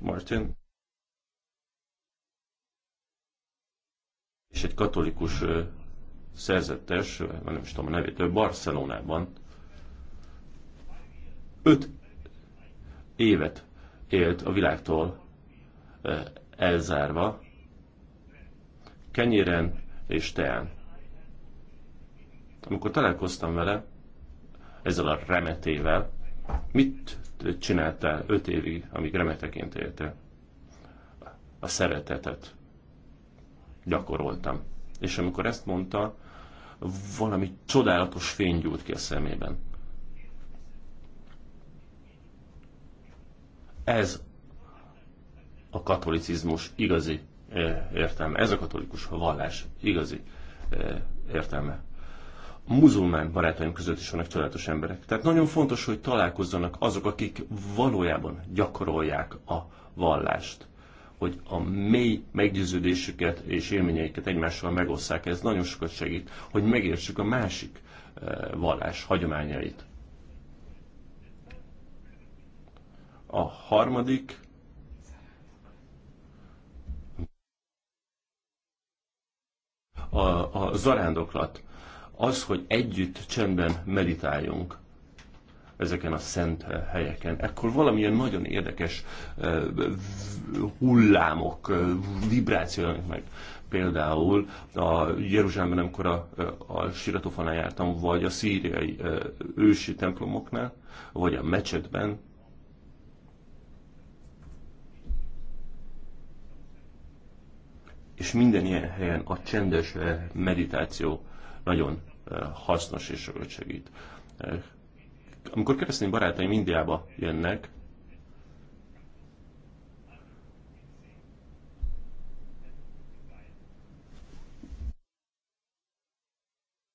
S4: Martin, és egy katolikus szerzetes, nem is tudom a nevét, Barcelonában öt évet élt a világtól elzárva kenyéren és teán. Amikor találkoztam vele, ezzel a remetével, mit csináltál öt évig, amíg remeteként éltél? A szeretetet gyakoroltam. És amikor ezt mondta, valami csodálatos fény gyújt ki a szemében. Ez a katolicizmus igazi eh, értelme, ez a katolikus vallás igazi eh, értelme. A muzulmán barátaim között is vannak csodálatos emberek. Tehát nagyon fontos, hogy találkozzanak azok, akik valójában gyakorolják a vallást hogy a mély meggyőződésüket és élményeiket egymással megosszák. Ez nagyon sokat segít, hogy megértsük a másik eh, vallás hagyományait. A harmadik a, a zarándoklat. Az, hogy együtt csendben meditáljunk ezeken a szent eh, helyeken, ekkor valamilyen nagyon érdekes eh, hullámok, eh, vibráció meg. Például a Jeruzsálemben, amikor a, a Siratofánál jártam, vagy a szíriai ősi templomoknál, vagy a mecsetben, és minden ilyen helyen a csendes meditáció nagyon hasznos és sokat segít amikor keresztény barátaim Indiába jönnek,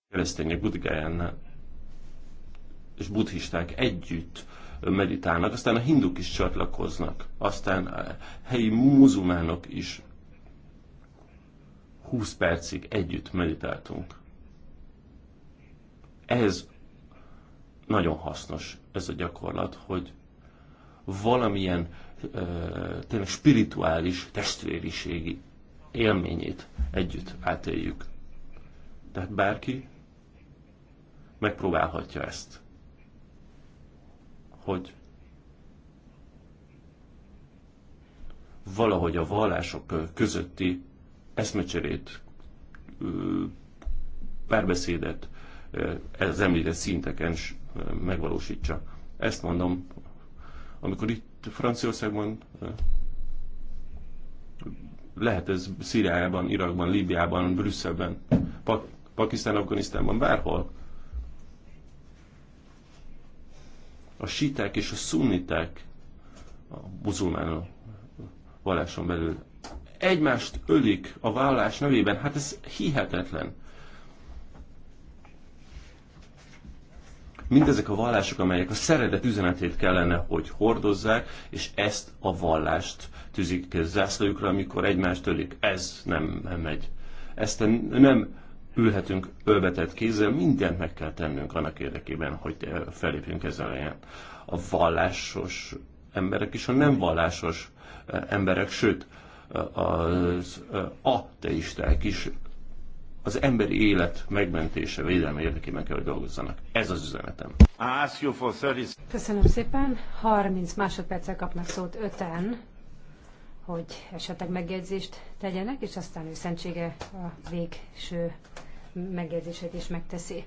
S4: keresztények Budgáján és buddhisták együtt meditálnak, aztán a hinduk is csatlakoznak, aztán a helyi muzulmánok is 20 percig együtt meditáltunk. Ez nagyon hasznos ez a gyakorlat, hogy valamilyen ö, tényleg spirituális testvériségi élményét együtt átéljük. Tehát bárki megpróbálhatja ezt, hogy valahogy a vallások közötti eszmecserét, párbeszédet, ez említett szinteken megvalósítsa. Ezt mondom, amikor itt Franciaországban eh, lehet ez Szíriában, Irakban, Líbiában, Brüsszelben, Pak- Pakisztán, Afganisztánban, bárhol. A síták és a szunniták a muzulmán valláson belül egymást ölik a vállás nevében, hát ez hihetetlen. mindezek a vallások, amelyek a szeretet üzenetét kellene, hogy hordozzák, és ezt a vallást tűzik zászlójukra, amikor egymást tölik. Ez nem, nem megy. Ezt nem ülhetünk ölbetett kézzel, mindent meg kell tennünk annak érdekében, hogy eh, felépjünk ezzel a A vallásos emberek és a nem vallásos eh, emberek, sőt, eh, az ateisták is az emberi élet megmentése, védelme érdekében kell, hogy dolgozzanak. Ez az üzenetem.
S3: Köszönöm szépen. 30 másodperccel kapnak szót öten, hogy esetleg megjegyzést tegyenek, és aztán ő szentsége a végső megjegyzését is megteszi.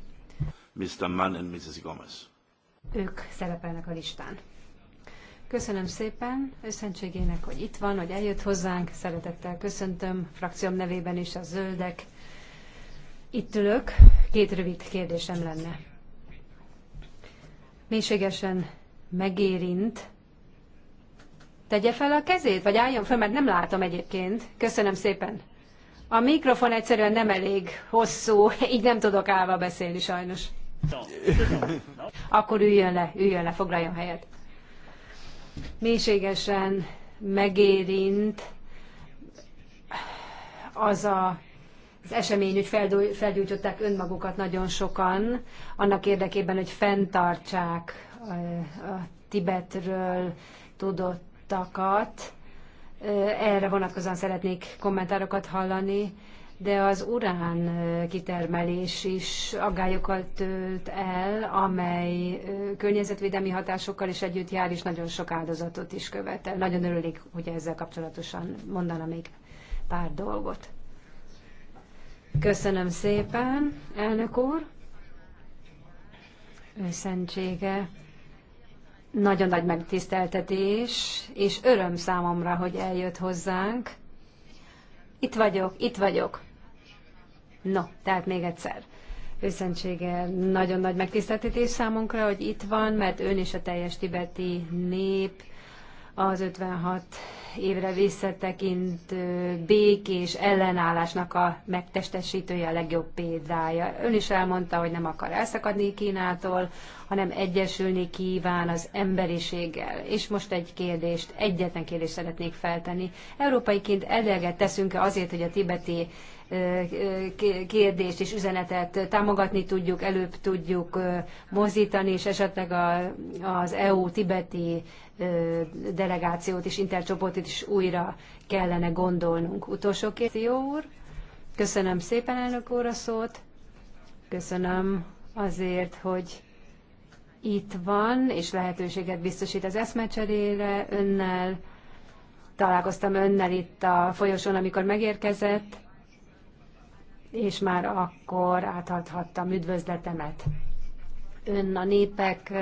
S2: Mr. Mann and Mrs. Gomez.
S3: Ők szerepelnek a listán. Köszönöm szépen őszentségének, hogy itt van, hogy eljött hozzánk. Szeretettel köszöntöm frakcióm nevében is a zöldek itt ülök, két rövid kérdésem lenne. Mélységesen megérint. Tegye fel a kezét, vagy álljon fel, mert nem látom egyébként. Köszönöm szépen. A mikrofon egyszerűen nem elég hosszú, így nem tudok állva beszélni sajnos. Akkor üljön le, üljön le, foglaljon helyet. Mélységesen megérint az a az hogy felgyújtották önmagukat nagyon sokan, annak érdekében, hogy fenntartsák a Tibetről tudottakat. Erre vonatkozóan szeretnék kommentárokat hallani, de az urán kitermelés is aggályokat tölt el, amely környezetvédelmi hatásokkal is együtt jár, és nagyon sok áldozatot is követel. Nagyon örülnék, hogy ezzel kapcsolatosan mondana még pár dolgot. Köszönöm szépen, elnök úr. Őszentsége, nagyon nagy megtiszteltetés, és öröm számomra, hogy eljött hozzánk. Itt vagyok, itt vagyok. No, tehát még egyszer. Őszentsége nagyon nagy megtiszteltetés számunkra, hogy itt van, mert ön is a teljes tibeti nép, az 56 évre visszatekint, békés ellenállásnak a megtestesítője a legjobb példája. Ön is elmondta, hogy nem akar elszakadni Kínától, hanem egyesülni kíván az emberiséggel. És most egy kérdést, egyetlen kérdést szeretnék feltenni. Európaiként eleget teszünk-e azért, hogy a tibeti kérdést és üzenetet támogatni tudjuk, előbb tudjuk mozítani, és esetleg a, az EU-tibeti delegációt és intercsoportot is újra kellene gondolnunk. Utolsó kérdés, jó úr. Köszönöm szépen, elnök úr, a szót. Köszönöm azért, hogy itt van, és lehetőséget biztosít az eszmecserére önnel. Találkoztam önnel itt a folyosón, amikor megérkezett, és már akkor átadhattam üdvözletemet. Ön a népek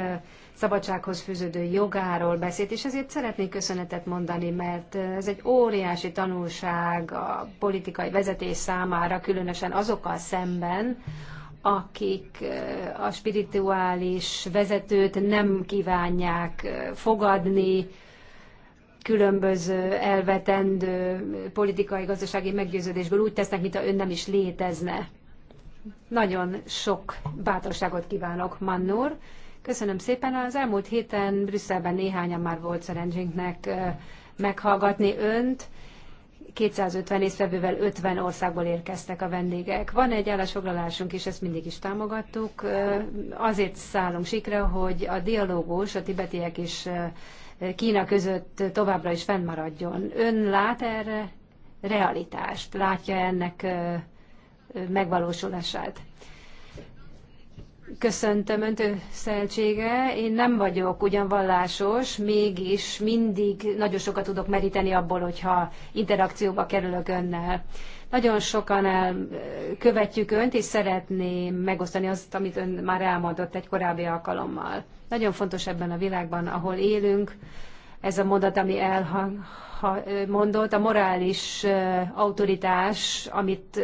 S3: szabadsághoz fűződő jogáról beszélt, és ezért szeretnék köszönetet mondani, mert ez egy óriási tanulság a politikai vezetés számára, különösen azokkal szemben, akik a spirituális vezetőt nem kívánják fogadni, különböző elvetendő politikai, gazdasági meggyőződésből úgy tesznek, mintha ön nem is létezne. Nagyon sok bátorságot kívánok, Mannur. Köszönöm szépen. Az elmúlt héten Brüsszelben néhányan már volt szerencsénknek meghallgatni önt. 250 észrevővel 50 országból érkeztek a vendégek. Van egy állásfoglalásunk is, ezt mindig is támogattuk. Azért szállunk sikre, hogy a dialógus a tibetiek is. Kína között továbbra is fennmaradjon. Ön lát erre realitást? Látja ennek megvalósulását? Köszöntöm Öntő szeltsége. Én nem vagyok ugyan vallásos, mégis mindig nagyon sokat tudok meríteni abból, hogyha interakcióba kerülök Önnel. Nagyon sokan követjük önt, és szeretném megosztani azt, amit ön már elmondott egy korábbi alkalommal. Nagyon fontos ebben a világban, ahol élünk, ez a mondat, ami elmondott, a morális autoritás, amit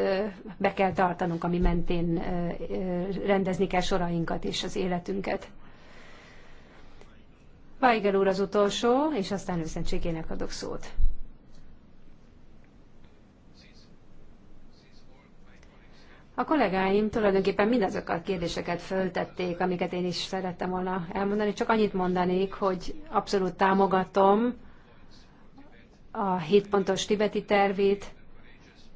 S3: be kell tartanunk, ami mentén rendezni kell sorainkat és az életünket. Weigel úr az utolsó, és aztán őszentségének adok szót. A kollégáim tulajdonképpen mindazokat a kérdéseket föltették, amiket én is szerettem volna elmondani. Csak annyit mondanék, hogy abszolút támogatom a 7 pontos tibeti tervét,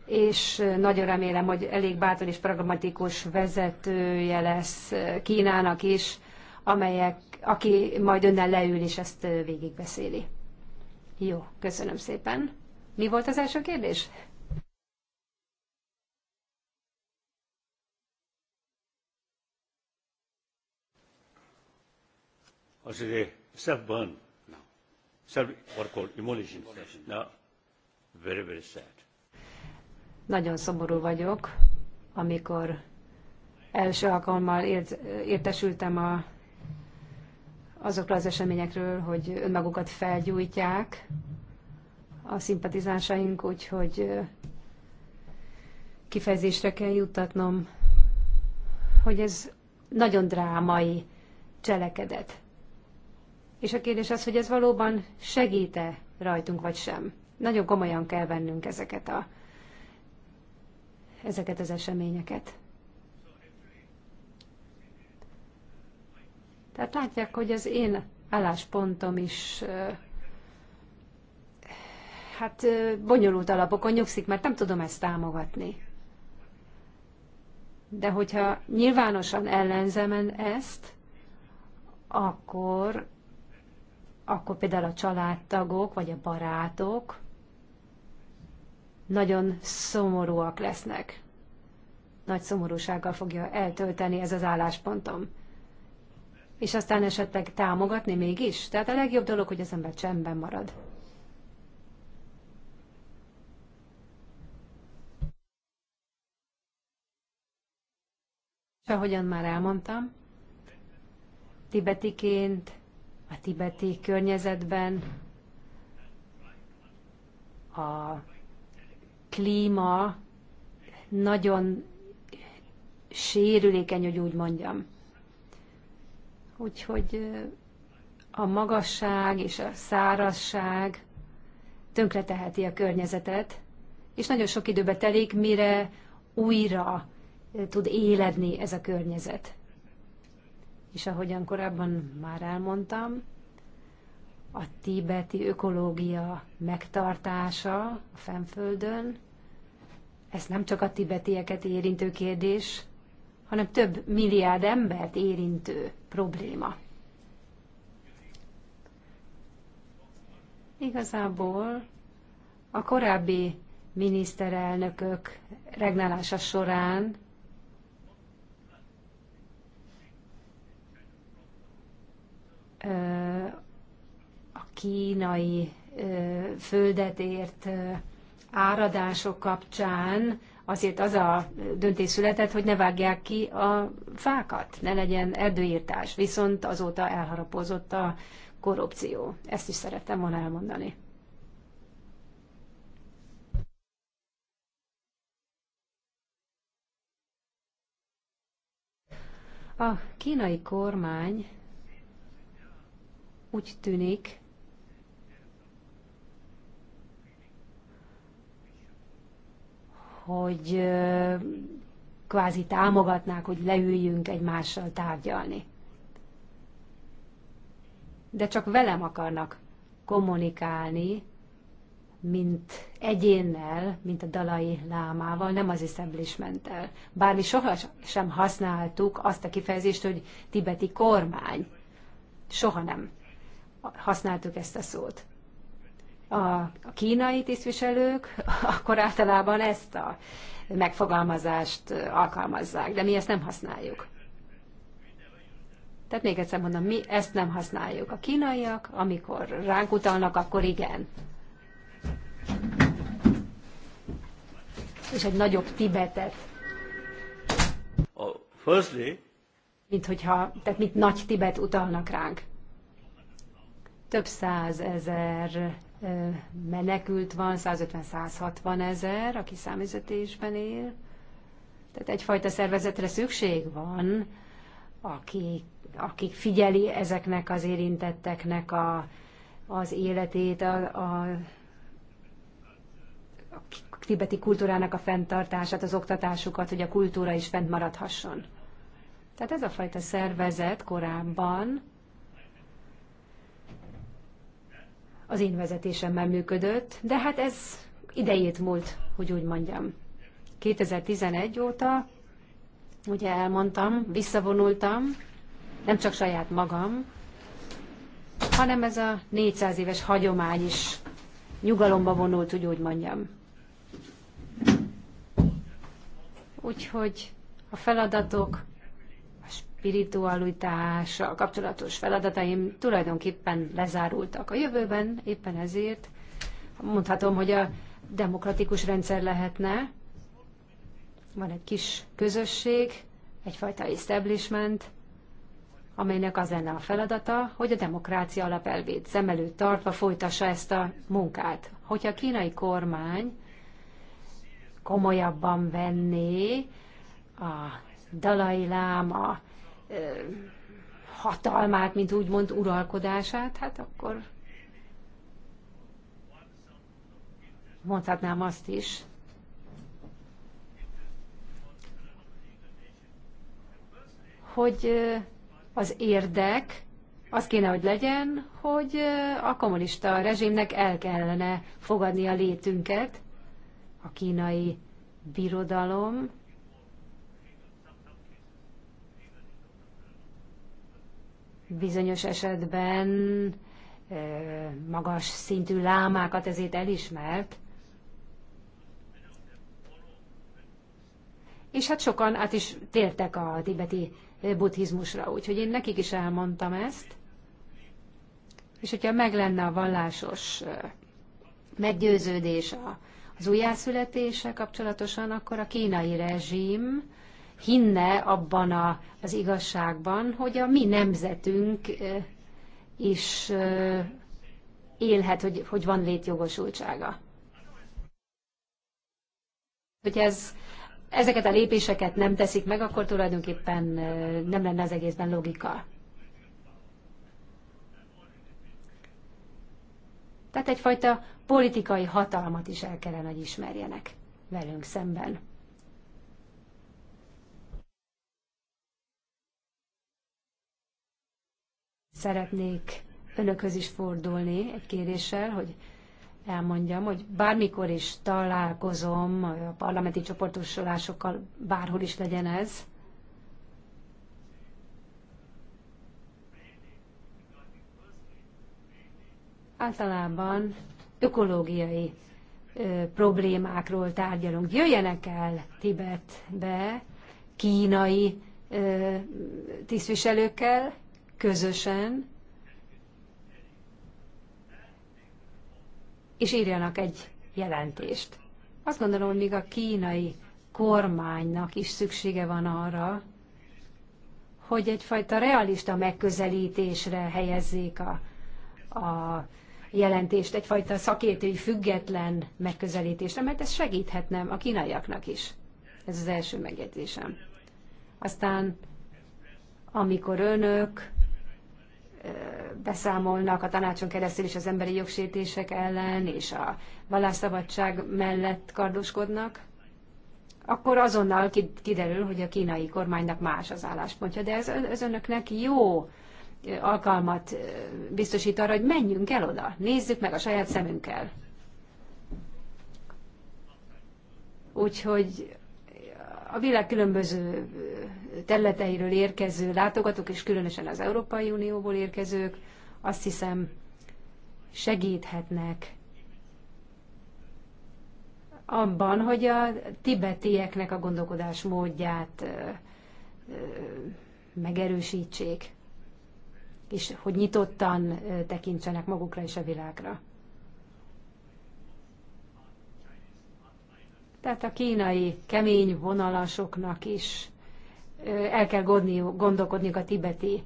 S3: és nagyon remélem, hogy elég bátor és pragmatikus vezetője lesz Kínának is, amelyek, aki majd önnel leül és ezt végigbeszéli. Jó, köszönöm szépen. Mi volt az első kérdés?
S2: what called immolation. Now, very, very
S3: sad. Nagyon szomorú vagyok, amikor első alkalommal ért, értesültem a, azokról az eseményekről, hogy önmagukat felgyújtják a szimpatizánsaink, úgyhogy kifejezésre kell juttatnom, hogy ez nagyon drámai cselekedet. És a kérdés az, hogy ez valóban segíte rajtunk, vagy sem. Nagyon komolyan kell vennünk ezeket, a, ezeket az eseményeket. Tehát látják, hogy az én álláspontom is hát bonyolult alapokon nyugszik, mert nem tudom ezt támogatni. De hogyha nyilvánosan ellenzem ezt, akkor akkor például a családtagok vagy a barátok nagyon szomorúak lesznek. Nagy szomorúsággal fogja eltölteni ez az álláspontom. És aztán esetleg támogatni mégis? Tehát a legjobb dolog, hogy az ember csendben marad. És ahogyan már elmondtam, tibetiként a tibeti környezetben a klíma nagyon sérülékeny, hogy úgy mondjam. Úgyhogy a magasság és a szárazság tönkreteheti a környezetet, és nagyon sok időbe telik, mire újra tud éledni ez a környezet és ahogyan korábban már elmondtam, a tibeti ökológia megtartása a fennföldön, ez nem csak a tibetieket érintő kérdés, hanem több milliárd embert érintő probléma. Igazából a korábbi miniszterelnökök regnálása során a kínai földet ért áradások kapcsán azért az a döntés született, hogy ne vágják ki a fákat, ne legyen erdőírtás, viszont azóta elharapozott a korrupció. Ezt is szerettem volna elmondani. A kínai kormány úgy tűnik, hogy kvázi támogatnák, hogy leüljünk egymással tárgyalni. De csak velem akarnak kommunikálni, mint egyénnel, mint a dalai lámával, nem az establishmenttel. Bár mi soha sem használtuk azt a kifejezést, hogy tibeti kormány. Soha nem használtuk ezt a szót. A kínai tisztviselők akkor általában ezt a megfogalmazást alkalmazzák, de mi ezt nem használjuk. Tehát még egyszer mondom, mi ezt nem használjuk. A kínaiak, amikor ránk utalnak, akkor igen. És egy nagyobb Tibetet.
S2: Oh, firstly,
S3: mint hogyha, tehát mint nagy Tibet utalnak ránk több százezer menekült van, 150-160 ezer, aki számüzetésben él. Tehát egyfajta szervezetre szükség van, aki, aki figyeli ezeknek az érintetteknek a, az életét, a, a, a tibeti kultúrának a fenntartását, az oktatásukat, hogy a kultúra is fent maradhasson. Tehát ez a fajta szervezet korábban az én vezetésemmel működött, de hát ez idejét múlt, hogy úgy mondjam. 2011 óta, ugye elmondtam, visszavonultam, nem csak saját magam, hanem ez a 400 éves hagyomány is nyugalomba vonult, hogy úgy mondjam. Úgyhogy a feladatok spiritualitással kapcsolatos feladataim tulajdonképpen lezárultak a jövőben, éppen ezért mondhatom, hogy a demokratikus rendszer lehetne, van egy kis közösség, egyfajta establishment, amelynek az lenne a feladata, hogy a demokrácia alapelvét szem előtt tartva folytassa ezt a munkát. Hogyha a kínai kormány komolyabban venné a Dalai Láma hatalmát, mint úgymond uralkodását, hát akkor mondhatnám azt is, hogy az érdek az kéne, hogy legyen, hogy a kommunista rezsimnek el kellene fogadni a létünket, a kínai birodalom bizonyos esetben magas szintű lámákat ezért elismert, és hát sokan át is tértek a tibeti buddhizmusra, úgyhogy én nekik is elmondtam ezt, és hogyha meg lenne a vallásos meggyőződés az újjászületése kapcsolatosan, akkor a kínai rezsim hinne abban a, az igazságban, hogy a mi nemzetünk is élhet, hogy, hogy van létjogosultsága. Hogyha ez, ezeket a lépéseket nem teszik meg, akkor tulajdonképpen nem lenne az egészben logika. Tehát egyfajta politikai hatalmat is el kellene, hogy ismerjenek velünk szemben. szeretnék önökhöz is fordulni egy kéréssel, hogy elmondjam, hogy bármikor is találkozom a parlamenti csoportosulásokkal, bárhol is legyen ez, általában ökológiai ö, problémákról tárgyalunk. Jöjjenek el Tibetbe kínai ö, tisztviselőkkel, közösen, és írjanak egy jelentést. Azt gondolom, hogy még a kínai kormánynak is szüksége van arra, hogy egyfajta realista megközelítésre helyezzék a, a jelentést, egyfajta szakértői független megközelítésre, mert ez segíthetne a kínaiaknak is. Ez az első megjegyzésem. Aztán, amikor önök beszámolnak a tanácson keresztül is az emberi jogsértések ellen, és a vallásszabadság mellett kardoskodnak, akkor azonnal kiderül, hogy a kínai kormánynak más az álláspontja. De ez, ez önöknek jó alkalmat biztosít arra, hogy menjünk el oda, nézzük meg a saját szemünkkel. Úgyhogy a világ különböző területeiről érkező látogatók, és különösen az Európai Unióból érkezők, azt hiszem segíthetnek abban, hogy a tibetieknek a gondolkodás módját megerősítsék, és hogy nyitottan tekintsenek magukra és a világra. Tehát a kínai kemény vonalasoknak is el kell gondolkodniuk a tibeti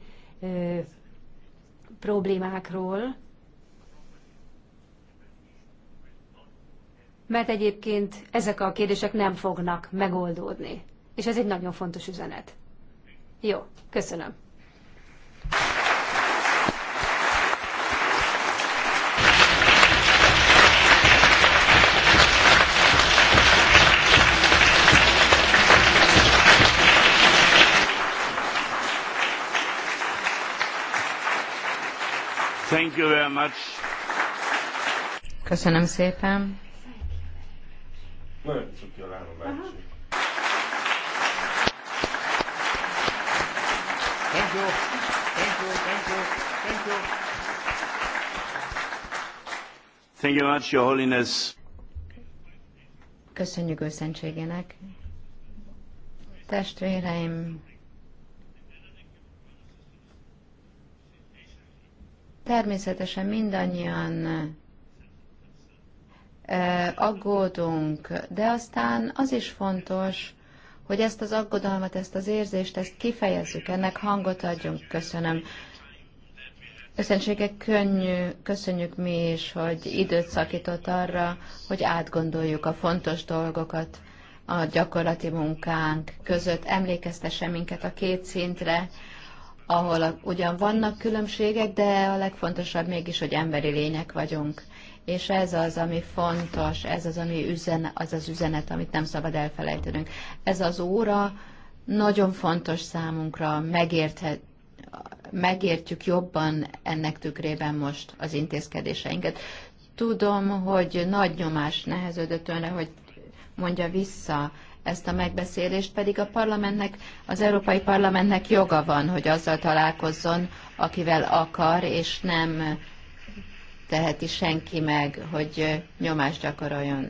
S3: problémákról, mert egyébként ezek a kérdések nem fognak megoldódni. És ez egy nagyon fontos üzenet. Jó, köszönöm.
S2: Thank you very much.
S1: Köszönöm szépen.
S2: Nagyon cuki a láma Thank you. Thank you. Thank you. Thank you. Thank you much, Your Holiness.
S1: Köszönjük őszentségének. Testvéreim, Természetesen mindannyian aggódunk, de aztán az is fontos, hogy ezt az aggodalmat, ezt az érzést, ezt kifejezzük, ennek hangot adjunk. Köszönöm. Összenségek könnyű, köszönjük mi is, hogy időt szakított arra, hogy átgondoljuk a fontos dolgokat a gyakorlati munkánk között. Emlékeztesse minket a két szintre, ahol a, ugyan vannak különbségek, de a legfontosabb mégis, hogy emberi lények vagyunk. És ez az, ami fontos, ez az, ami üzen, az az üzenet, amit nem szabad elfelejtenünk. Ez az óra nagyon fontos számunkra, megérthet, megértjük jobban ennek tükrében most az intézkedéseinket. Tudom, hogy nagy nyomás neheződött önre, hogy mondja vissza ezt a megbeszélést, pedig a parlamentnek, az Európai Parlamentnek joga van, hogy azzal találkozzon, akivel akar, és nem teheti senki meg, hogy nyomást gyakoroljon.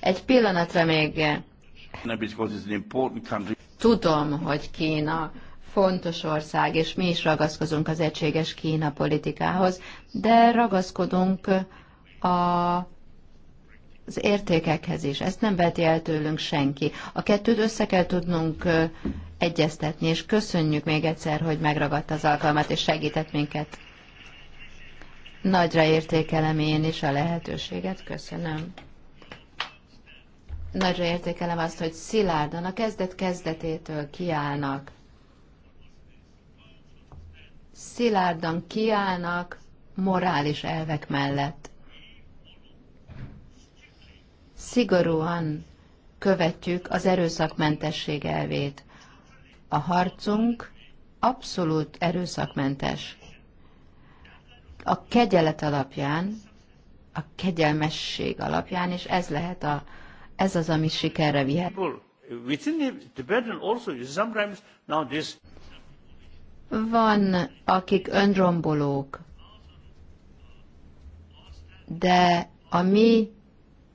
S1: Egy pillanatra még. Tudom, hogy Kína fontos ország, és mi is ragaszkodunk az egységes Kína politikához, de ragaszkodunk a az értékekhez is. Ezt nem veti el tőlünk senki. A kettőt össze kell tudnunk egyeztetni, és köszönjük még egyszer, hogy megragadta az alkalmat, és segített minket. Nagyra értékelem én is a lehetőséget, köszönöm. Nagyra értékelem azt, hogy szilárdan a kezdet kezdetétől kiállnak. Szilárdan kiállnak morális elvek mellett szigorúan követjük az erőszakmentesség elvét. A harcunk abszolút erőszakmentes. A kegyelet alapján, a kegyelmesség alapján, és ez lehet a, ez az, ami sikerre vihet. Van, akik önrombolók, de a mi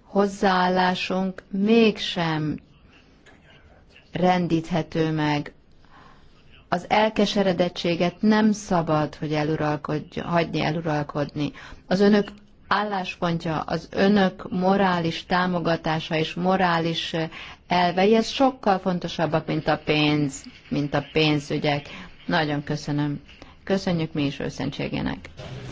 S1: hozzáállásunk mégsem rendíthető meg. Az elkeseredettséget nem szabad, hogy eluralkodj, hagyni eluralkodni. Az önök álláspontja, az önök morális támogatása és morális eh, elvei, ez sokkal fontosabbak, mint a pénz, mint a pénzügyek. Nagyon köszönöm. Köszönjük mi is őszentségének.